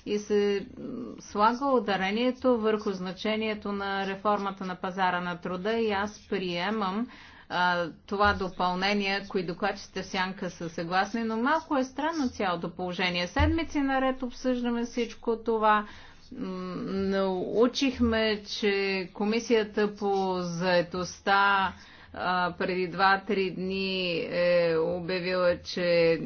и се слага ударението върху значението на реформата на пазара на труда и аз приемам това допълнение, кои докладчите сянка са съгласни, но малко е странно цялото положение. Седмици наред обсъждаме всичко това. Научихме, че комисията по заетостта преди 2-3 дни е обявила, че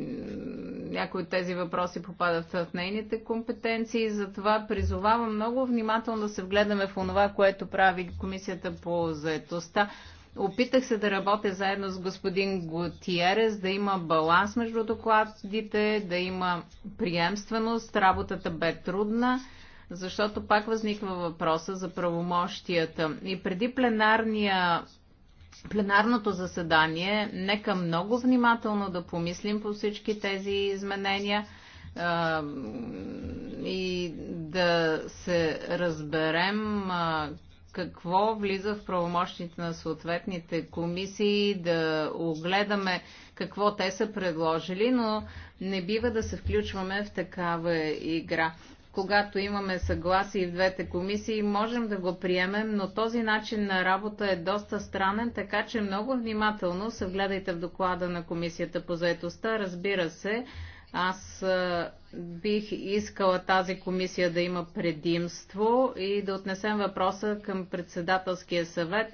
някои от тези въпроси попадат в нейните компетенции. Затова призовавам много внимателно да се вгледаме в това, което прави Комисията по заетостта. Опитах се да работя заедно с господин Готиерес, да има баланс между докладите, да има приемственост. Работата бе трудна, защото пак възниква въпроса за правомощията. И преди пленарния пленарното заседание, нека много внимателно да помислим по всички тези изменения и да се разберем какво влиза в правомощните на съответните комисии, да огледаме какво те са предложили, но не бива да се включваме в такава игра. Когато имаме съгласие в двете комисии, можем да го приемем, но този начин на работа е доста странен, така че много внимателно се вгледайте в доклада на комисията по заедостта. Разбира се, аз бих искала тази комисия да има предимство и да отнесем въпроса към председателския съвет.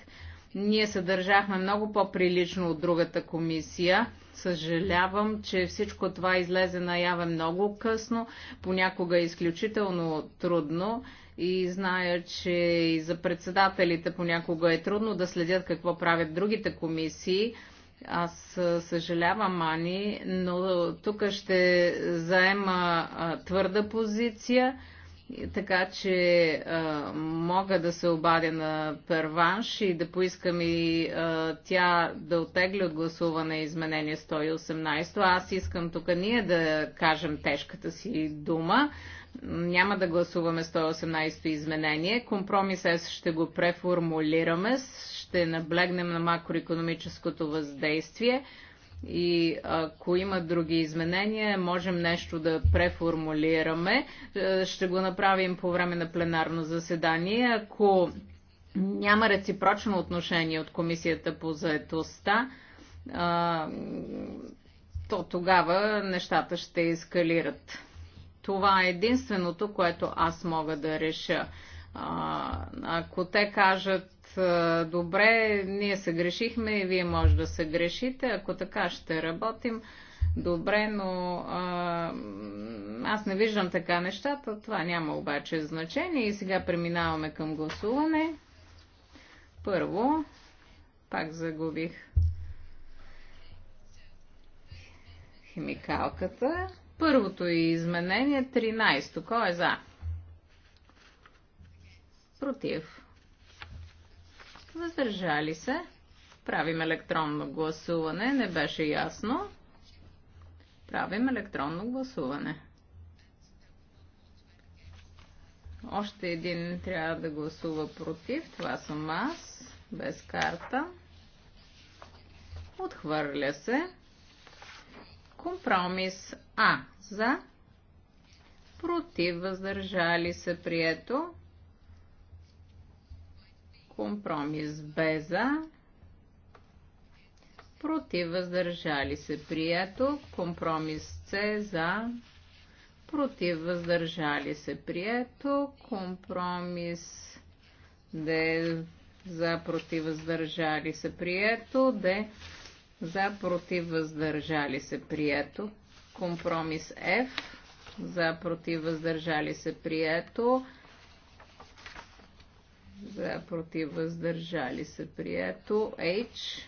Ние се държахме много по-прилично от другата комисия. Съжалявам, че всичко това излезе наяве много късно, понякога е изключително трудно и зная, че и за председателите понякога е трудно да следят какво правят другите комисии. Аз съжалявам, Ани, но тук ще заема твърда позиция, така че мога да се обадя на перванш и да поискам и тя да отегли от гласуване изменение 118. Аз искам тук ние да кажем тежката си дума. Няма да гласуваме 118 изменение. Компромис ще го преформулираме ще наблегнем на макроекономическото въздействие и ако има други изменения, можем нещо да преформулираме. Е, ще го направим по време на пленарно заседание. Ако няма реципрочно отношение от Комисията по заетостта, е, то тогава нещата ще ескалират. Това е единственото, което аз мога да реша. Ако те кажат, добре, ние се грешихме и вие може да се грешите, ако така ще работим, добре, но а, аз не виждам така нещата, това няма обаче значение и сега преминаваме към гласуване. Първо, пак загубих химикалката. Първото и изменение 13. Кой е за? Против. Въздържали се. Правим електронно гласуване. Не беше ясно. Правим електронно гласуване. Още един трябва да гласува против. Това съм аз. Без карта. Отхвърля се. Компромис А. За. Против. Въздържали се. Прието. Компромис Б за. Против въздържали се прието. Компромис С за. Против въздържали се прието. Компромис Д за. Против въздържали се прието. Д за. Против въздържали се прието. Компромис Ф за. Против въздържали се прието за против въздържали се прието. H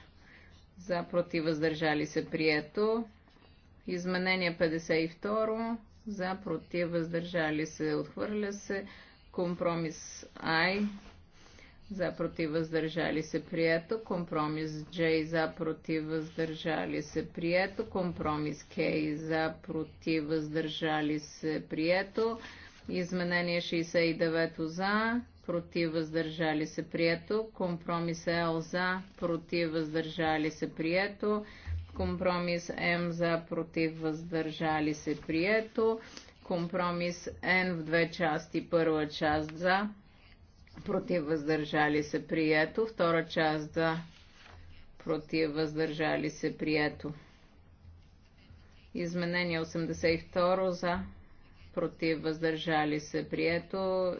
за против въздържали се прието. Изменение 52 за против въздържали се отхвърля се. Компромис I за против въздържали се прието, компромис J за против въздържали се прието, компромис K за против въздържали се прието, изменение 69 за, против въздържали се прието, компромис е, Л за, против въздържали се прието, компромис М за, против въздържали се прието, компромис Н в две части, първа част за, против въздържали се прието, втора част за, против въздържали се прието. Изменение 82 за, против, въздържали се, прието.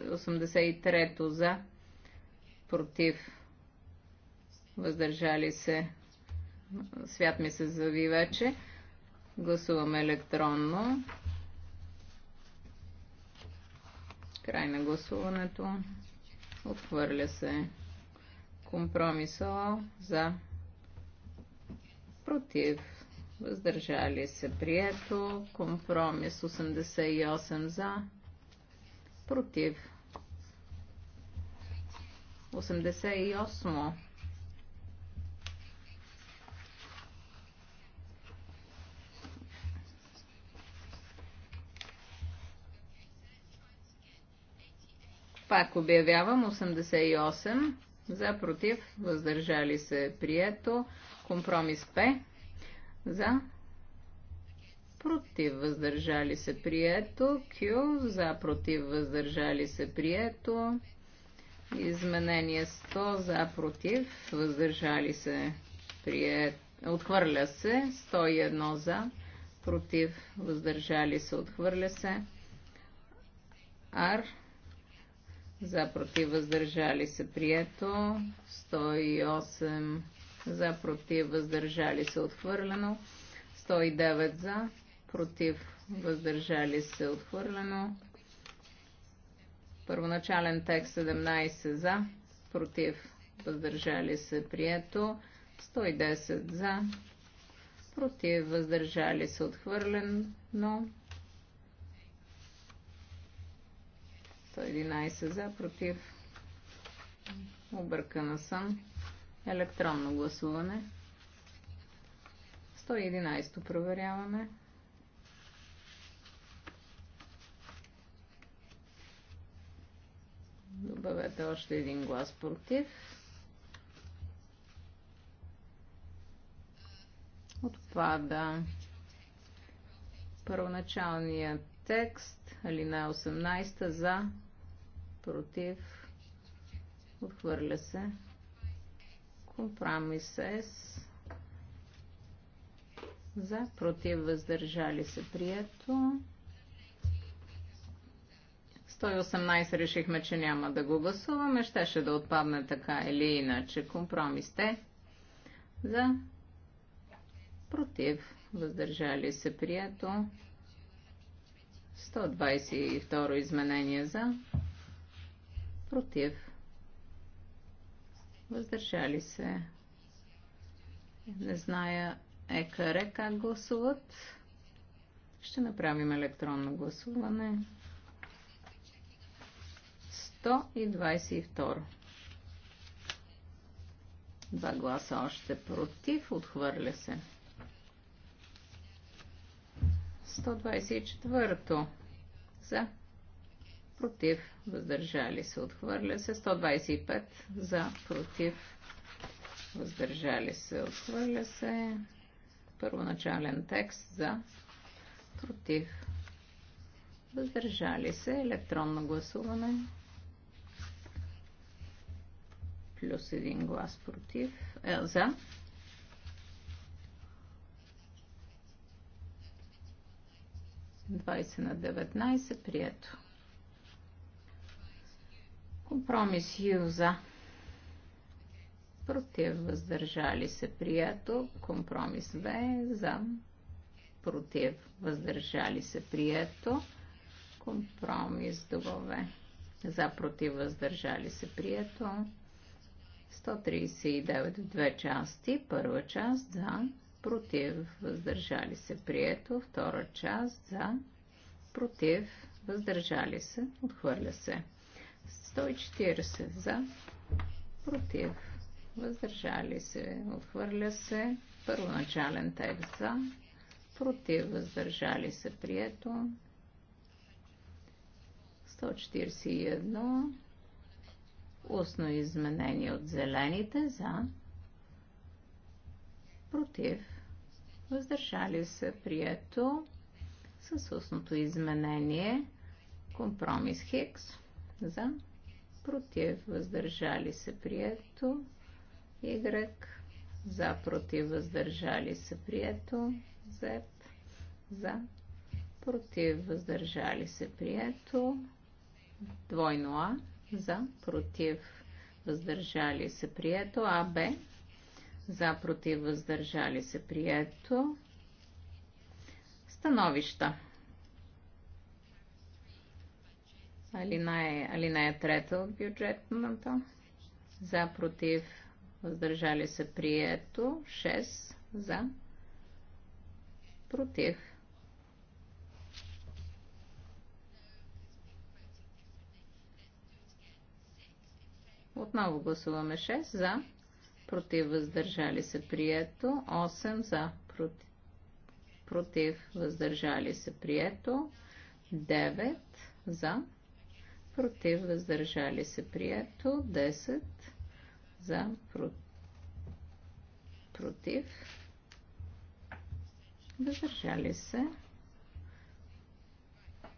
83-то за, против, въздържали се. Свят ми се зави вече. Гласуваме електронно. Край на гласуването. Отхвърля се. компромисъл за, против, въздържали се прието, компромис 88 за, против 88 Пак обявявам 88 за против, въздържали се прието, компромис П. За. Против въздържали се прието. Q. За. Против въздържали се прието. Изменение 100. За. Против въздържали се прието. Отхвърля се. 101 за. Против въздържали се. Отхвърля се. R, За. Против въздържали се прието. 108 за против въздържали се отхвърлено, 109 за против въздържали се отхвърлено, първоначален текст 17 за против въздържали се прието, 110 за против въздържали се отхвърлено, 111 за против Объркана съм. Електронно гласуване. 111 проверяваме. Добавете още един глас против. Отпада първоначалният текст, алина 18 за, против, отхвърля се. Компромис За, против, въздържали се, прието. 118 решихме, че няма да го гласуваме. Ще ще да отпадне така или иначе. Компромис те За, против, въздържали се, прието. 122 изменение за, против, Въздържали се. Не зная екаре как гласуват. Ще направим електронно гласуване. 122. Два гласа още против. Отхвърля се. 124. За против, въздържали се, отхвърля се. 125 за, против, въздържали се, отхвърля се. Първоначален текст за, против, въздържали се, електронно гласуване. Плюс един глас против, е, за. Двадесет на 19, прието. Компромис Юза за. Против въздържали се прието. Компромис В за. Против въздържали се прието. Компромис В. За против въздържали се прието. 139 в две части. Първа част за. Против въздържали се прието. Втора част за. Против въздържали се. Отхвърля се. 140 за, против, въздържали се, отхвърля се, първоначален текст за, против, въздържали се, прието, 141, устно изменение от зелените за, против, въздържали се, прието, с устното изменение, компромис Хикс за, против, въздържали се, прието. Y, за, против, въздържали се, прието. Z, за, против, въздържали се, прието. Двойно А, за, против, въздържали се, прието. А, Б, за, против, въздържали се, прието. Становища. Алинея, е трета от бюджетната. За, против, въздържали се прието. 6 за, против. Отново гласуваме 6 за, против, въздържали се прието. 8 за, против, против въздържали се прието. 9 за, против против, въздържали се, прието, 10 за, против, въздържали се,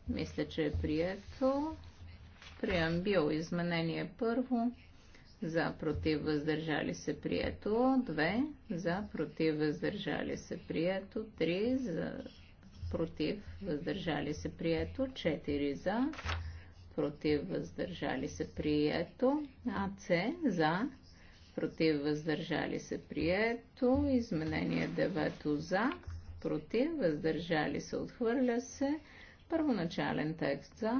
мисля, че е прието, преамбил изменение първо, за, против, въздържали се, прието, 2 за, против, въздържали се, прието, 3 за, против, въздържали се, прието, 4 за, против, въздържали се, прието. АЦ за, против, въздържали се, прието. Изменение 9 за, против, въздържали се, отхвърля се. Първоначален текст за,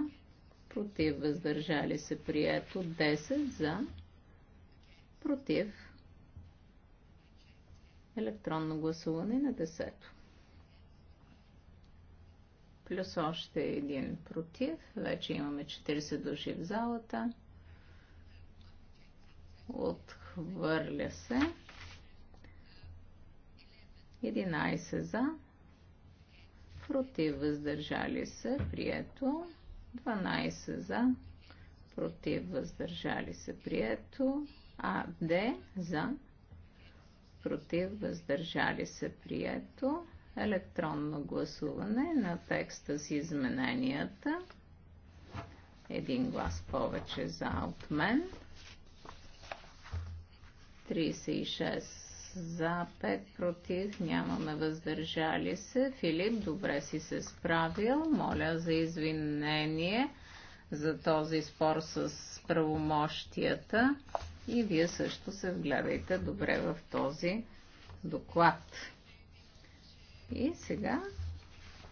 против, въздържали се, прието. 10 за, против. Електронно гласуване на 10 плюс още един против. Вече имаме 40 души в залата. Отхвърля се. 11 за. Против въздържали се. Прието. 12 за. Против въздържали се. Прието. А, Д за. Против въздържали се. Прието електронно гласуване на текста с измененията. Един глас повече за от мен. 36 за, 5 против, нямаме въздържали се. Филип, добре си се справил. Моля за извинение за този спор с правомощията и вие също се вгледайте добре в този доклад. И сега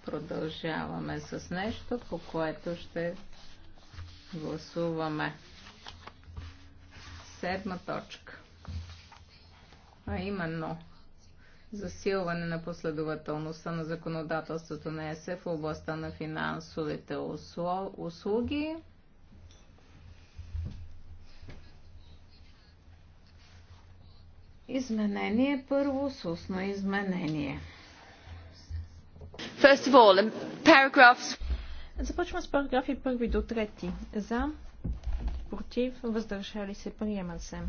продължаваме с нещо, по което ще гласуваме. Седма точка. А именно засилване на последователността на законодателството на ЕСЕ в областта на финансовите услуги. Изменение първо с устно изменение започвам Започваме с параграфи 1 до 3. За, против, въздържали се, приемат се.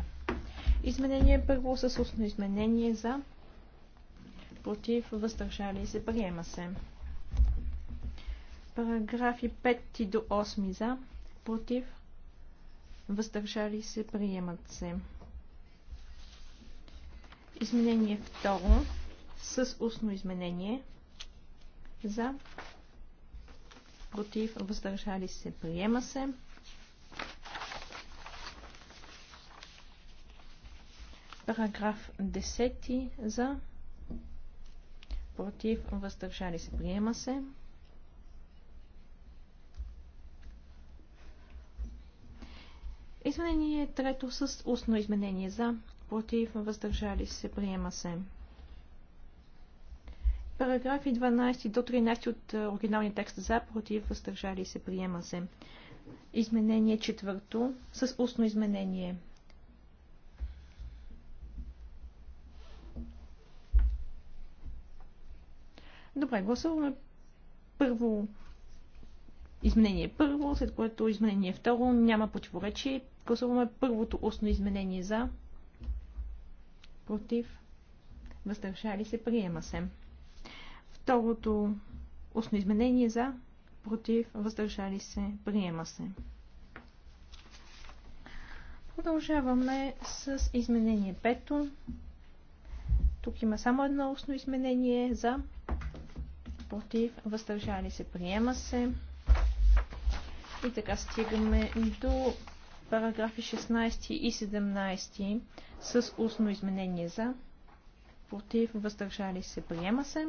Изменение първо с устно изменение за, против, въздържали се, приема се. Параграфи 5 до 8 за, против, въздържали се, приемат се. Изменение второ с устно изменение за, против, въздържали се, приема се. Параграф 10 за, против, въздържали се, приема се. Изменение трето с устно изменение за, против, въздържали се, приема се. Параграфи 12 до 13 от е, оригиналния текст за, против, въздържали се, приема се. Изменение четвърто с устно изменение. Добре, гласуваме първо изменение първо, след което изменение второ. Няма противоречие. Гласуваме първото устно изменение за, против, въздържали се, приема се. Второто устно изменение за, против, въздържали се, приема се. Продължаваме с изменение 5. Тук има само едно устно изменение за, против, въздържали се, приема се. И така стигаме до параграфи 16 и 17 с устно изменение за, против, въздържали се, приема се.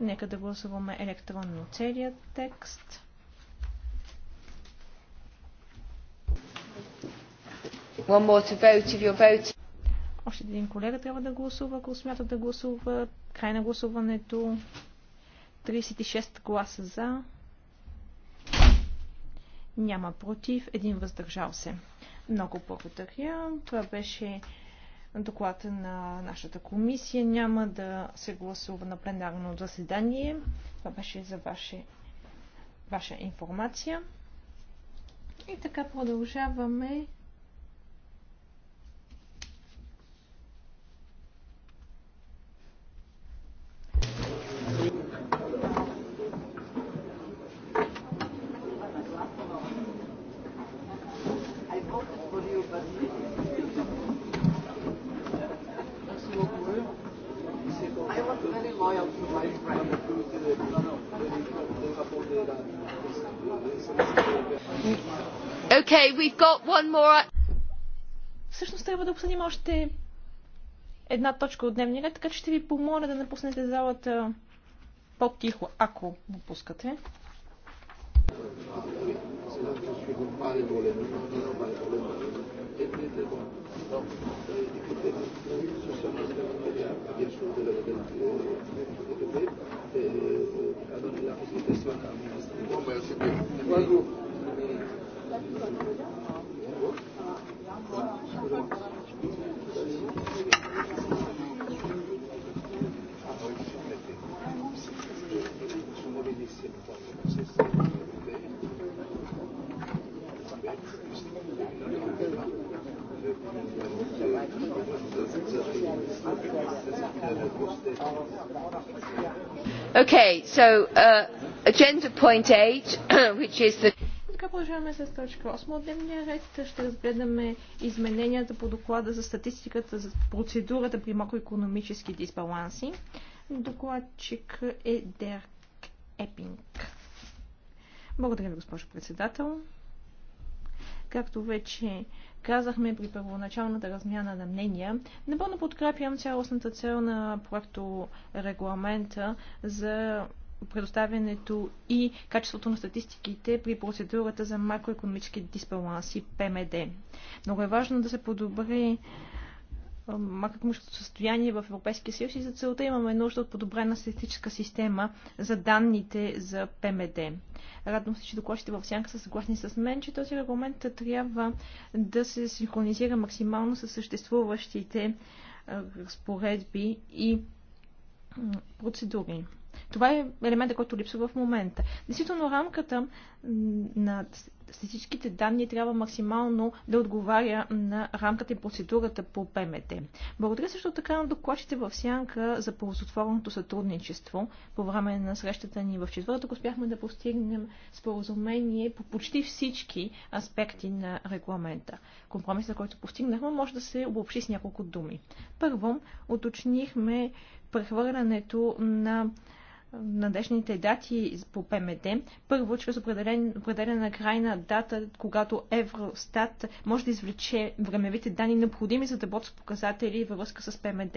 Нека да гласуваме електронно целият текст. One more to vote if you're voting. Още един колега трябва да гласува, ако смята да гласува. Край на гласуването. 36 гласа за. Няма против. Един въздържал се. Много благодаря. Това беше Доклада на нашата комисия няма да се гласува на пленарно заседание. Това беше за ваше, ваша информация. И така продължаваме got one more... Всъщност трябва да обсъдим още една точка от дневния ред, така че ще ви помоля да напуснете залата по-тихо, ако напускате. Thank you. Okay, so uh, agenda point eight, which is the така продължаваме с точка 8 от дневния ред. Ще разгледаме измененията по доклада за статистиката за процедурата при макроекономически дисбаланси. Докладчик е Дерк Епинг. Благодаря ви, госпожо председател. Както вече казахме при първоначалната размяна на мнения, напълно подкрепям цялостната цел на проекто регламента за предоставянето и качеството на статистиките при процедурата за макроекономически дисбаланси ПМД. Много е важно да се подобри е, макроекономическото състояние в Европейския съюз и за целта имаме нужда от подобрена статистическа система за данните за ПМД. Радвам се, че докладчите в сянка са съгласни с мен, че този регламент трябва да се синхронизира максимално с съществуващите е, разпоредби и процедури. Това е елемента, който липсва в момента. Действително рамката на статистическите данни трябва максимално да отговаря на рамката и процедурата по ПМТ. Благодаря също така на докладчите в Сянка за ползотворното сътрудничество. По време на срещата ни в четвъртък успяхме да постигнем споразумение по почти всички аспекти на регламента. Компромисът, който постигнахме, може да се обобщи с няколко думи. Първо, уточнихме прехвърлянето на на днешните дати по ПМД. Първо, чрез определена крайна дата, когато Евростат може да извлече времевите данни, необходими за да с показатели във връзка с ПМД.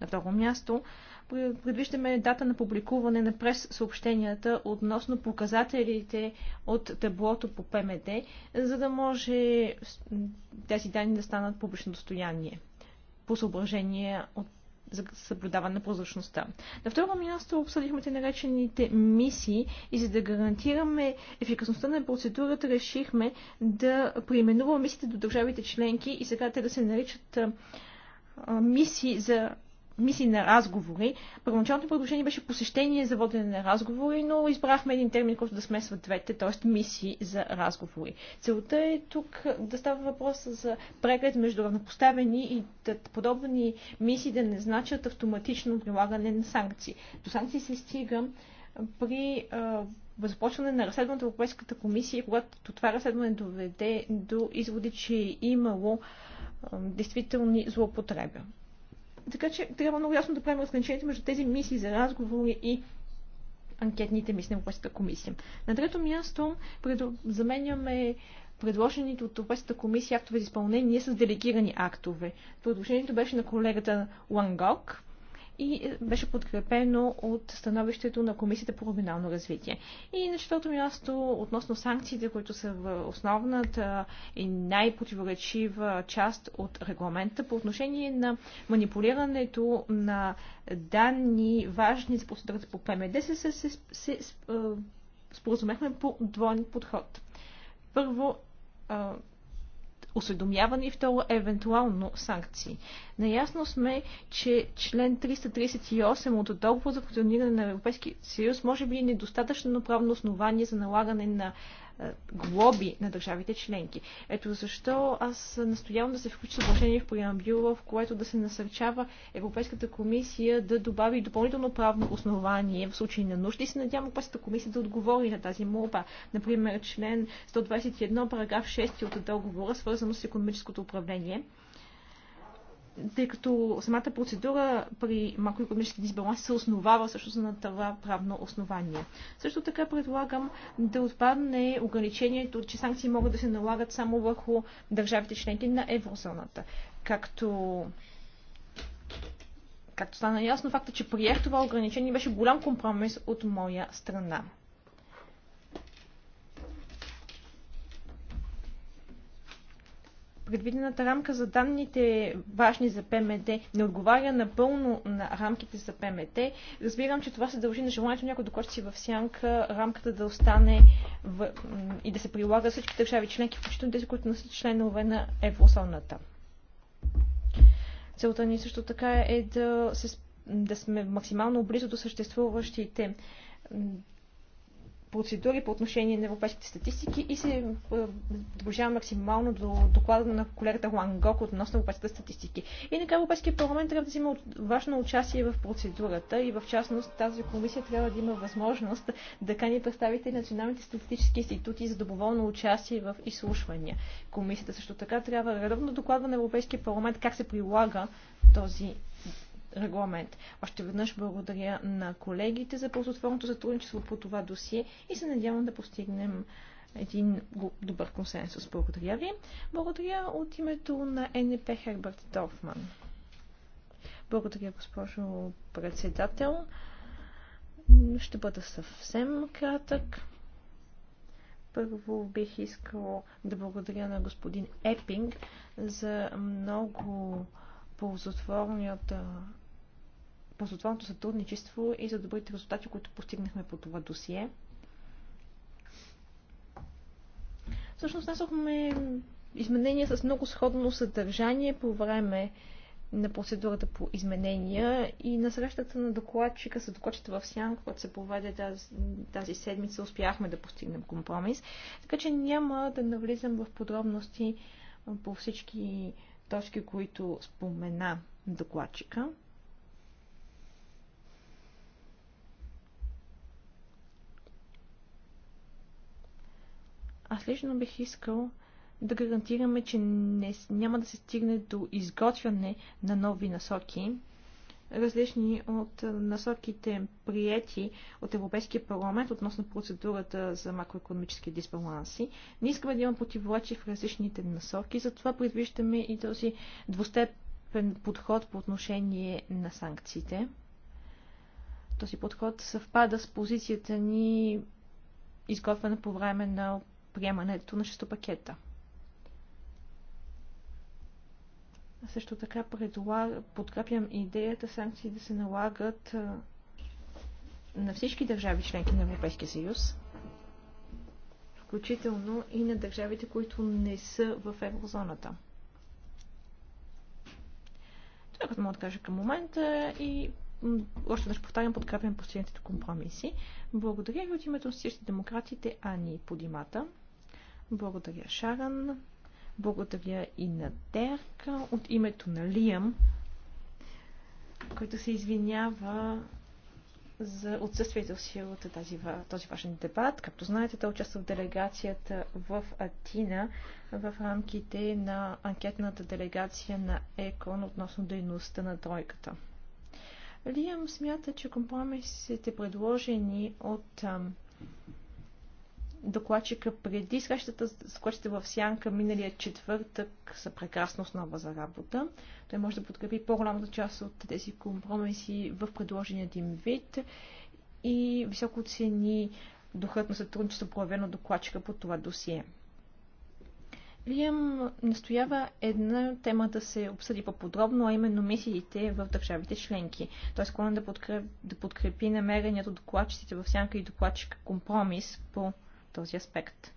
На второ място, предвиждаме дата на публикуване на прес съобщенията относно показателите от таблото по ПМД, за да може тези данни да станат публично достояние по съображение от за съблюдаване на прозрачността. На второ място обсъдихме те наречените мисии и за да гарантираме ефикасността на процедурата, решихме да преименуваме мисиите до държавите членки и сега те да се наричат мисии за мисии на разговори. Първоначалното предложение беше посещение за водене на разговори, но избрахме един термин, който да смесва двете, т.е. мисии за разговори. Целта е тук да става въпрос за преглед между равнопоставени и подобни мисии да не значат автоматично прилагане на санкции. До санкции се стига при започване на разследването в Европейската комисия, когато това разследване доведе до изводи, че е имало действителни злоупотреби. Така че трябва много ясно да правим разграничението между тези мисии за разговори и анкетните мисли на Европейската комисия. На трето място заменяме предложените от Европейската комисия актове за изпълнение с делегирани актове. Предложението беше на колегата Лангок и беше подкрепено от становището на Комисията по регионално развитие. И на четвърто място, относно санкциите, които са в основната и най-противоречива част от регламента по отношение на манипулирането на данни, важни за процедурата по ПМД, се, се, се, се е, споразумехме по двойен подход. Първо, е, осведомяване и второ евентуално санкции. Наясно сме, че член 338 от договор за функциониране на Европейския съюз може би е недостатъчно правно основание за налагане на е, глоби на държавите членки. Ето защо аз настоявам да се включи съглашение в преамбюла, в което да се насърчава Европейската комисия да добави допълнително правно основание в случай на нужди. и се надявам Европейската комисия да отговори на тази молба. Например, член 121, параграф 6 от договора, свързано с економическото управление тъй като самата процедура при макроекономически дисбаланси се основава всъщност на това правно основание. Също така предлагам да отпадне ограничението, че санкции могат да се налагат само върху държавите членки на еврозоната. Както Както стана ясно, факта, че приех това ограничение беше голям компромис от моя страна. предвидената рамка за данните, важни за ПМТ, не отговаря напълно на рамките за ПМТ. Разбирам, че това се дължи на желанието някой да си в сянка рамката да остане в... и да се прилага всички държави членки, включително тези, които не са членове на еврозоната. Целта ни също така е да, се, да сме максимално близо до съществуващите процедури по отношение на европейските статистики и се е, доближава максимално до доклада на колегата Хуан Гок относно европейските статистики. И така Европейския парламент трябва да взима важно участие в процедурата и в частност тази комисия трябва да има възможност да кани представители на националните статистически институти за доброволно участие в изслушвания. Комисията също така трябва редовно докладва на Европейския парламент как се прилага този регламент. Още веднъж благодаря на колегите за ползотворното сътрудничество по това досие и се надявам да постигнем един добър консенсус. Благодаря ви. Благодаря от името на НП Херберт Дорфман. Благодаря, госпожо председател. Ще бъда съвсем кратък. Първо бих искал да благодаря на господин Епинг за много ползотворният пълзотворното сътрудничество и за добрите резултати, които постигнахме по това досие. Всъщност насохме изменения с много сходно съдържание по време на процедурата по изменения и на срещата на докладчика с докладчета в Сянка, когато се проведе тази, тази седмица, успяхме да постигнем компромис. Така че няма да навлизам в подробности по всички точки, които спомена докладчика. Аз лично бих искал да гарантираме, че не, няма да се стигне до изготвяне на нови насоки, различни от насоките приети от Европейския парламент относно процедурата за макроекономически дисбаланси. Не искаме да има противоречи в различните насоки, затова предвиждаме и този двустепен подход по отношение на санкциите. Този подход съвпада с позицията ни изготвена по време на приемането на шестопакета. Също така подкрепям идеята санкции да се налагат на всички държави членки на Европейския съюз, включително и на държавите, които не са в еврозоната. Това, е като мога да кажа към момента и още веднъж повтарям, подкрепям постигнатите компромиси. Благодаря ви от името на всички демократите Ани Подимата. Благодаря, Шаран. Благодаря и на Терк от името на Лиам, който се извинява за отсъствието си от тази, този важен дебат. Както знаете, той участва в делегацията в Атина в рамките на анкетната делегация на ЕКОН относно дейността на тройката. Лиам смята, че компромисите предложени от докладчика преди срещата с кочета в Сянка миналия четвъртък са прекрасна основа за работа. Той може да подкрепи по-голямата част от тези компромиси в предложения им вид и високо цени духът на сътрудничество, проявено докладчика по това досие. Лиам настоява една тема да се обсъди по-подробно, а именно мисиите в държавите членки. Той е склонен да, подкреп, да подкрепи намерението докладчиците в сянка и докладчика компромис по този аспект.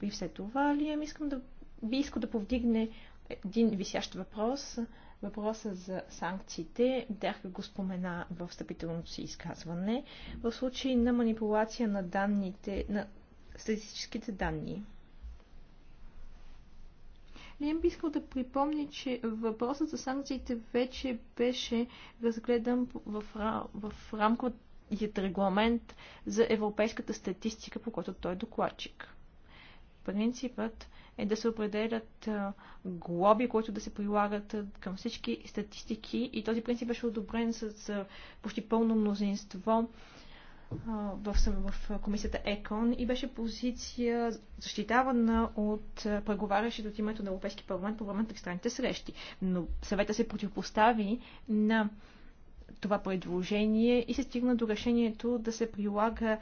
При все това, Лием искам да, би искал да повдигне един висящ въпрос. Въпроса за санкциите, Дерка го спомена в встъпителното си изказване, в случай на манипулация на данните, на статистическите данни. Лием би искал да припомни, че въпросът за санкциите вече беше разгледан в, в, в рамковата регламент за европейската статистика, по който той е докладчик. Принципът е да се определят глоби, които да се прилагат към всички статистики и този принцип беше одобрен с почти пълно мнозинство в, в комисията ЕКОН и беше позиция защитавана от преговарящите от името на Европейски парламент по време на тристранните срещи. Но съвета се противопостави на това предложение и се стигна до решението да се прилага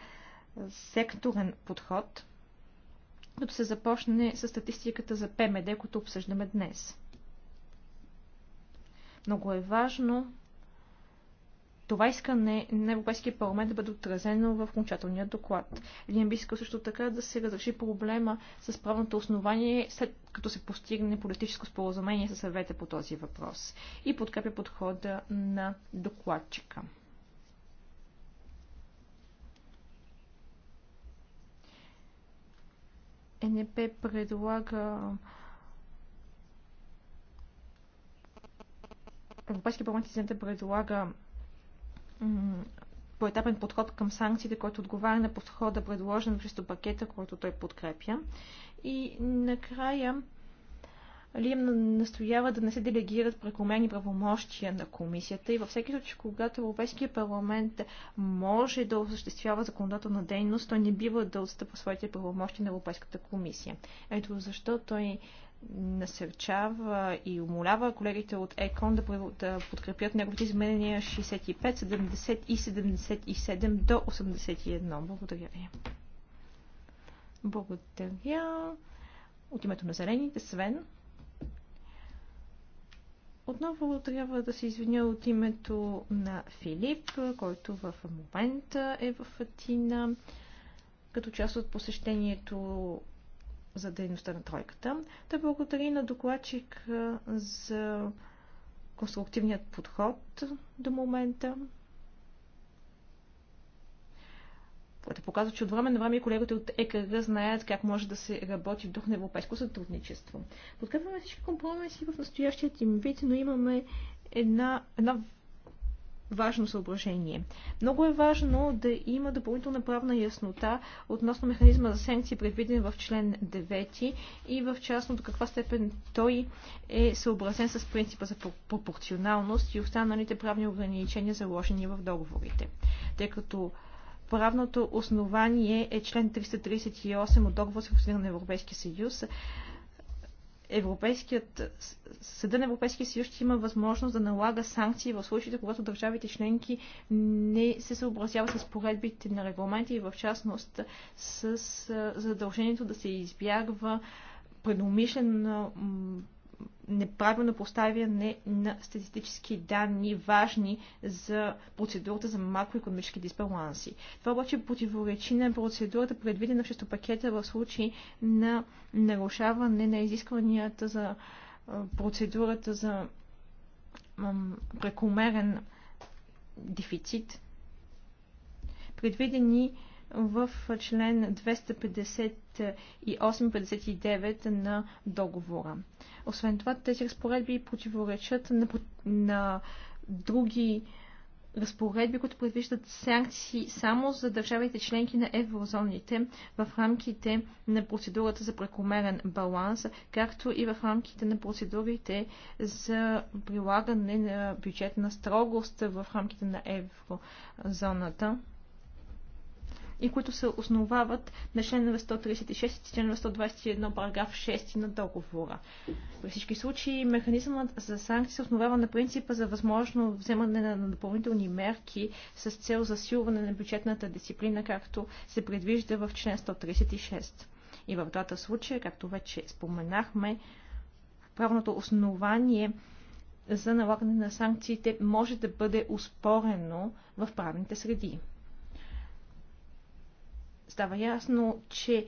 секторен подход, като се започне с статистиката за ПМД, като обсъждаме днес. Много е важно това искане на Европейския парламент да бъде отразено в окончателния доклад. Един би искал също така да се разреши проблема с правното основание, след като се постигне политическо споразумение със съвета по този въпрос и подкрепя подхода на докладчика. НП предлага Европейския парламент и център предлага поетапен подход към санкциите, който отговаря на подхода, предложен през пакета, който той подкрепя. И накрая Лием настоява да не се делегират прекомерни правомощия на комисията и във всеки случай, когато Европейския парламент може да осъществява законодателна дейност, той не бива да отстъпва своите правомощия на Европейската комисия. Ето защо той насърчава и умолява колегите от ЕКОН да, да подкрепят неговите изменения 65, 70 и 77 до 81. Благодаря ви. Благодаря. От името на зелените, Свен. Отново трябва да се извиня от името на Филип, който в момента е в Атина, като част от посещението за дейността на тройката. да благодари на докладчик за конструктивният подход до момента. което показва, че от време на време колегите от ЕКГ знаят как може да се работи в дух на европейско сътрудничество. Подкрепяме всички компромиси в настоящият им вид, но имаме една, една важно съображение. Много е важно да има допълнителна правна яснота относно механизма за санкции, предвиден в член 9 и в частно до каква степен той е съобразен с принципа за пропорционалност и останалите правни ограничения, заложени в договорите. Тъй като правното основание е член 338 от договор с на Европейския съюз, Европейският, Съда на Европейския съюз ще има възможност да налага санкции в случаите, когато държавите членки не се съобразяват с поредбите на регламенти и в частност с задължението да се избягва предумишлено неправилно поставяне на статистически данни, важни за процедурата за макроекономически дисбаланси. Това обаче противоречи на процедурата, предвидена в шестопакета в случай на нарушаване на изискванията за процедурата за прекомерен дефицит. Предвидени в член 258-59 на договора. Освен това, тези разпоредби противоречат на, на други разпоредби, които предвиждат санкции само за държавите членки на еврозоните в рамките на процедурата за прекомерен баланс, както и в рамките на процедурите за прилагане на бюджетна строгост в рамките на еврозоната и които се основават на членове 136 и членове 121 параграф 6 на договора. При всички случаи механизмът за санкции се основава на принципа за възможно вземане на допълнителни мерки с цел засилване на бюджетната дисциплина, както се предвижда в член 136. И в двата случая, както вече споменахме, правното основание за налагане на санкциите може да бъде успорено в правните среди става ясно, че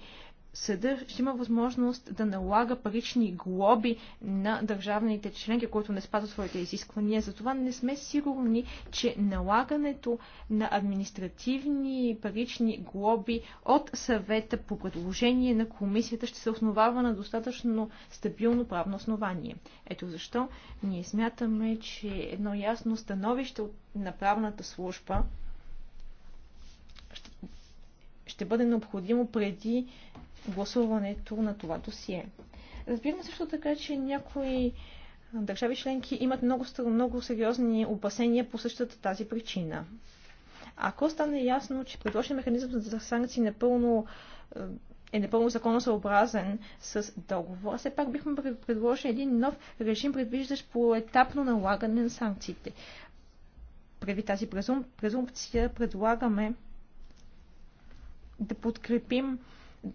съда ще има възможност да налага парични глоби на държавните членки, които не спазват своите изисквания. Затова не сме сигурни, че налагането на административни парични глоби от съвета по предложение на комисията ще се основава на достатъчно стабилно правно основание. Ето защо ние смятаме, че едно ясно становище на правната служба ще бъде необходимо преди гласуването на това досие. Разбираме също така, че някои държави членки имат много, много сериозни опасения по същата тази причина. Ако стане ясно, че предложен механизъм за санкции напълно е напълно законосъобразен с договора, все пак бихме предложили един нов режим, предвиждащ поетапно налагане на санкциите. Преди тази презумпция предлагаме да подкрепим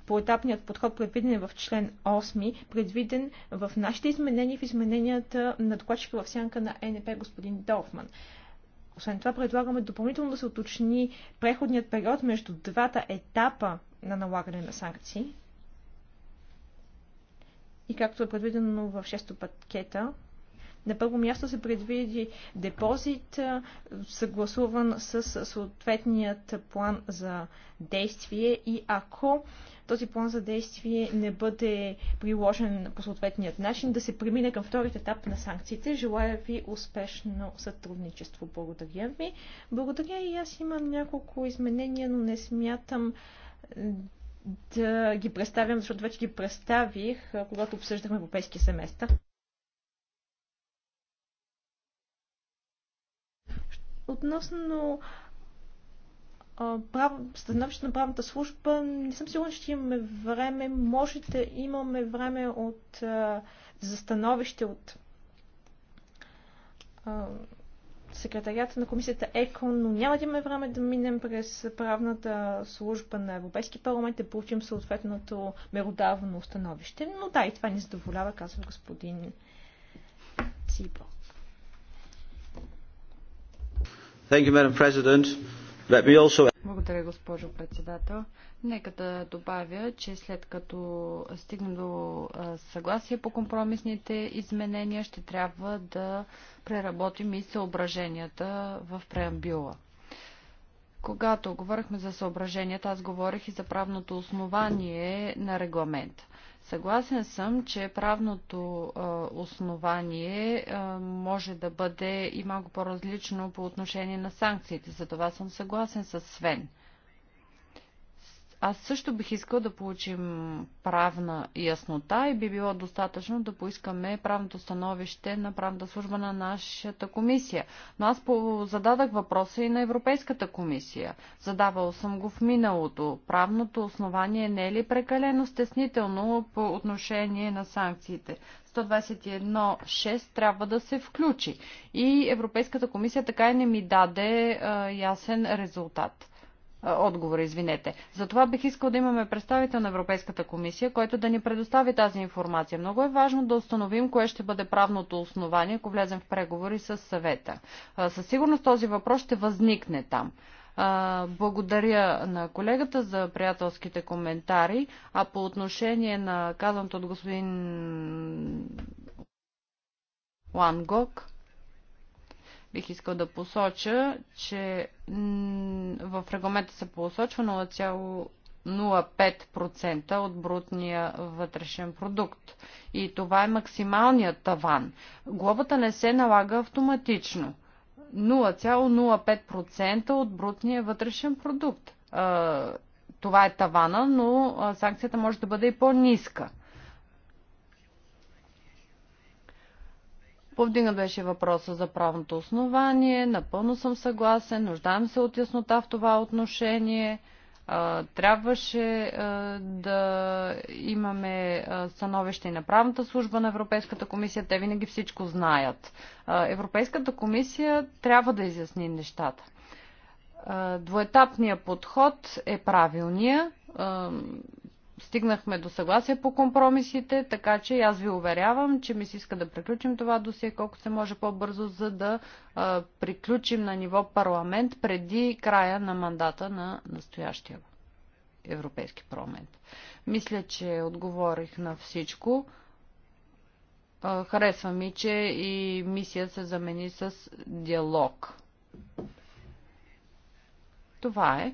поетапният подход, предвиден в член 8, предвиден в нашите изменения в измененията на докладчика в сянка на НП господин Долфман. Освен това предлагаме допълнително да се уточни преходният период между двата етапа на налагане на санкции. И както е предвидено в 6 пакета, на първо място се предвиди депозит, съгласуван с съответният план за действие и ако този план за действие не бъде приложен по съответният начин, да се премине към вторият етап на санкциите. Желая ви успешно сътрудничество. Благодаря ви. Благодаря и аз имам няколко изменения, но не смятам да ги представям, защото вече ги представих, когато обсъждахме европейския семестър. Относно становище на правната служба, не съм сигурна, че имаме време. Може да имаме време от, а, за становище от а, секретарията на комисията ЕКОН, но няма да имаме време да минем през правната служба на Европейски парламент да получим съответното меродавно становище. Но да, и това ни задоволява, казва господин Цибъл. Благодаря, госпожо председател. Нека да добавя, че след като стигнем до съгласие по компромисните изменения, ще трябва да преработим и съображенията в преамбюла. Когато говорихме за съображенията, аз говорих и за правното основание на регламента. Съгласен съм, че правното основание може да бъде и малко по-различно по отношение на санкциите. За това съм съгласен с Свен. Аз също бих искал да получим правна яснота и би било достатъчно да поискаме правното становище на правната служба на нашата комисия. Но аз зададах въпроса и на Европейската комисия. Задавал съм го в миналото. Правното основание не е ли прекалено стеснително по отношение на санкциите? 121.6 трябва да се включи. И Европейската комисия така и не ми даде а, ясен резултат отговора, извинете. Затова бих искал да имаме представител на Европейската комисия, който да ни предостави тази информация. Много е важно да установим кое ще бъде правното основание, ако влезем в преговори с съвета. Със сигурност този въпрос ще възникне там. Благодаря на колегата за приятелските коментари, а по отношение на казаното от господин Лангок, Бих искал да посоча, че в регламента се посочва 0,05% от брутния вътрешен продукт. И това е максималният таван. Глобата не се налага автоматично. 0,05% от брутния вътрешен продукт. Това е тавана, но санкцията може да бъде и по-ниска. Повдигна беше въпроса за правното основание. Напълно съм съгласен. Нуждаем се от яснота в това отношение. Трябваше да имаме становище и на правната служба на Европейската комисия. Те винаги всичко знаят. Европейската комисия трябва да изясни нещата. Двоетапният подход е правилния стигнахме до съгласие по компромисите, така че аз ви уверявам, че ми се иска да приключим това досие колкото се може по-бързо, за да а, приключим на ниво парламент преди края на мандата на настоящия Европейски парламент. Мисля, че отговорих на всичко. А, харесва ми, че и мисия се замени с диалог. Това е.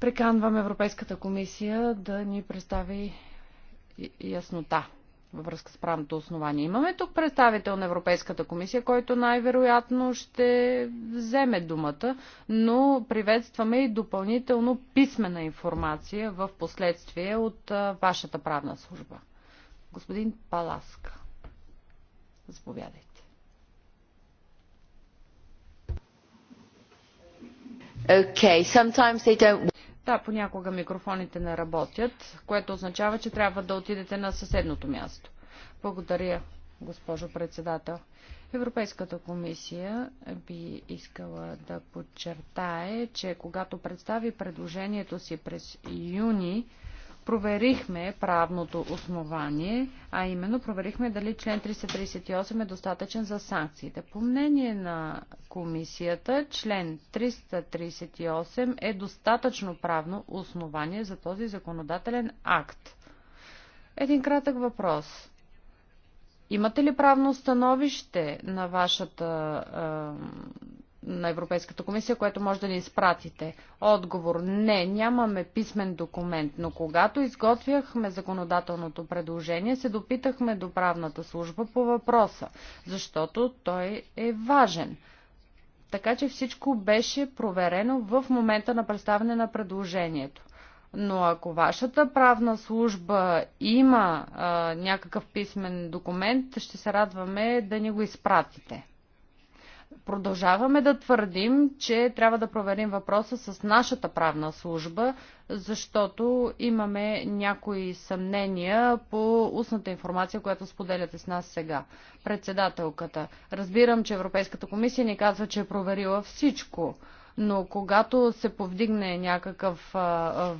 Преканвам Европейската комисия да ни представи яснота във връзка с правното основание. Имаме тук представител на Европейската комисия, който най-вероятно ще вземе думата, но приветстваме и допълнително писмена информация в последствие от вашата правна служба. Господин Паласка, заповядайте. Okay, sometimes they don't... Да, понякога микрофоните не работят, което означава, че трябва да отидете на съседното място. Благодаря, госпожо председател. Европейската комисия би искала да подчертае, че когато представи предложението си през юни, проверихме правното основание, а именно проверихме дали член 338 е достатъчен за санкциите. По мнение на комисията, член 338 е достатъчно правно основание за този законодателен акт. Един кратък въпрос. Имате ли правно становище на вашата на Европейската комисия, което може да ни изпратите? Отговор – не, нямаме писмен документ, но когато изготвяхме законодателното предложение, се допитахме до правната служба по въпроса, защото той е важен. Така че всичко беше проверено в момента на представяне на предложението. Но ако вашата правна служба има а, някакъв писмен документ, ще се радваме да ни го изпратите. Продължаваме да твърдим, че трябва да проверим въпроса с нашата правна служба, защото имаме някои съмнения по устната информация, която споделяте с нас сега. Председателката. Разбирам, че Европейската комисия ни казва, че е проверила всичко но когато се повдигне някакъв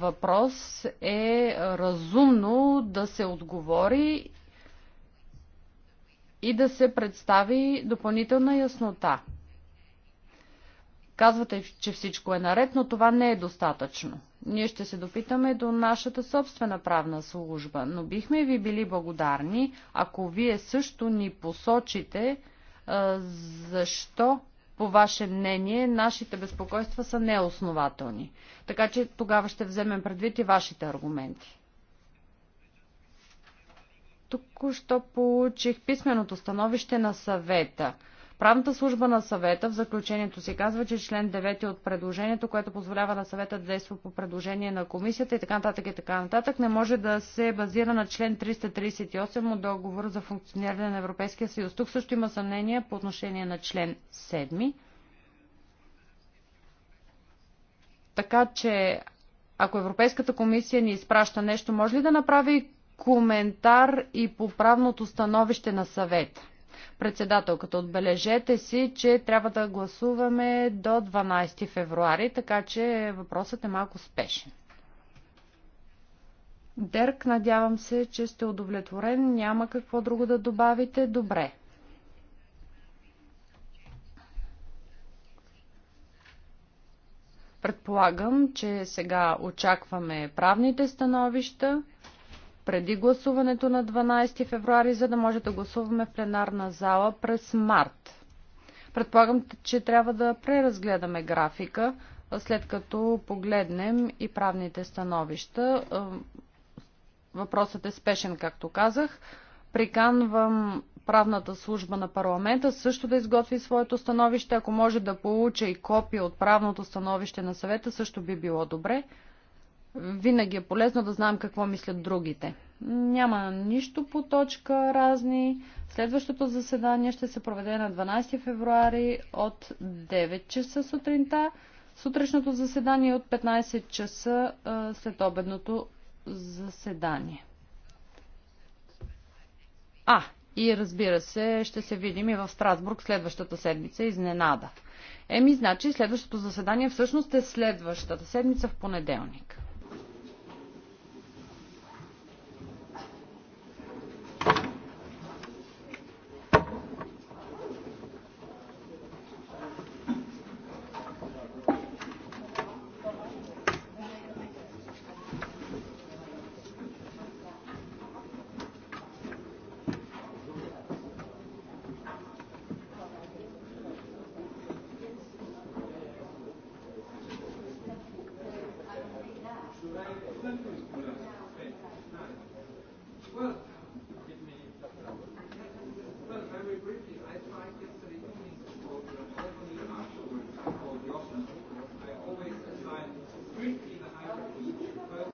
въпрос, е разумно да се отговори и да се представи допълнителна яснота. Казвате, че всичко е наред, но това не е достатъчно. Ние ще се допитаме до нашата собствена правна служба, но бихме ви били благодарни, ако вие също ни посочите защо, по ваше мнение, нашите безпокойства са неоснователни. Така че тогава ще вземем предвид и вашите аргументи. Току-що получих писменото становище на съвета. Правната служба на съвета в заключението си казва, че член 9 е от предложението, което позволява на съвета да действа по предложение на комисията и така нататък и така нататък, не може да се базира на член 338 от договор за функциониране на Европейския съюз. Тук също има съмнение по отношение на член 7. Така че, ако Европейската комисия ни изпраща нещо, може ли да направи коментар и по правното становище на съвета. Председателката, отбележете си, че трябва да гласуваме до 12 февруари, така че въпросът е малко спешен. Дерк, надявам се, че сте удовлетворен. Няма какво друго да добавите. Добре. Предполагам, че сега очакваме правните становища преди гласуването на 12 февруари, за да може да гласуваме в пленарна зала през март. Предполагам, че трябва да преразгледаме графика, след като погледнем и правните становища. Въпросът е спешен, както казах. Приканвам правната служба на парламента също да изготви своето становище. Ако може да получа и копия от правното становище на съвета, също би било добре винаги е полезно да знаем какво мислят другите. Няма нищо по точка разни. Следващото заседание ще се проведе на 12 февруари от 9 часа сутринта. Сутрешното заседание е от 15 часа след обедното заседание. А, и разбира се, ще се видим и в Страсбург следващата седмица. Изненада. Еми, значи следващото заседание всъщност е следващата седмица в понеделник.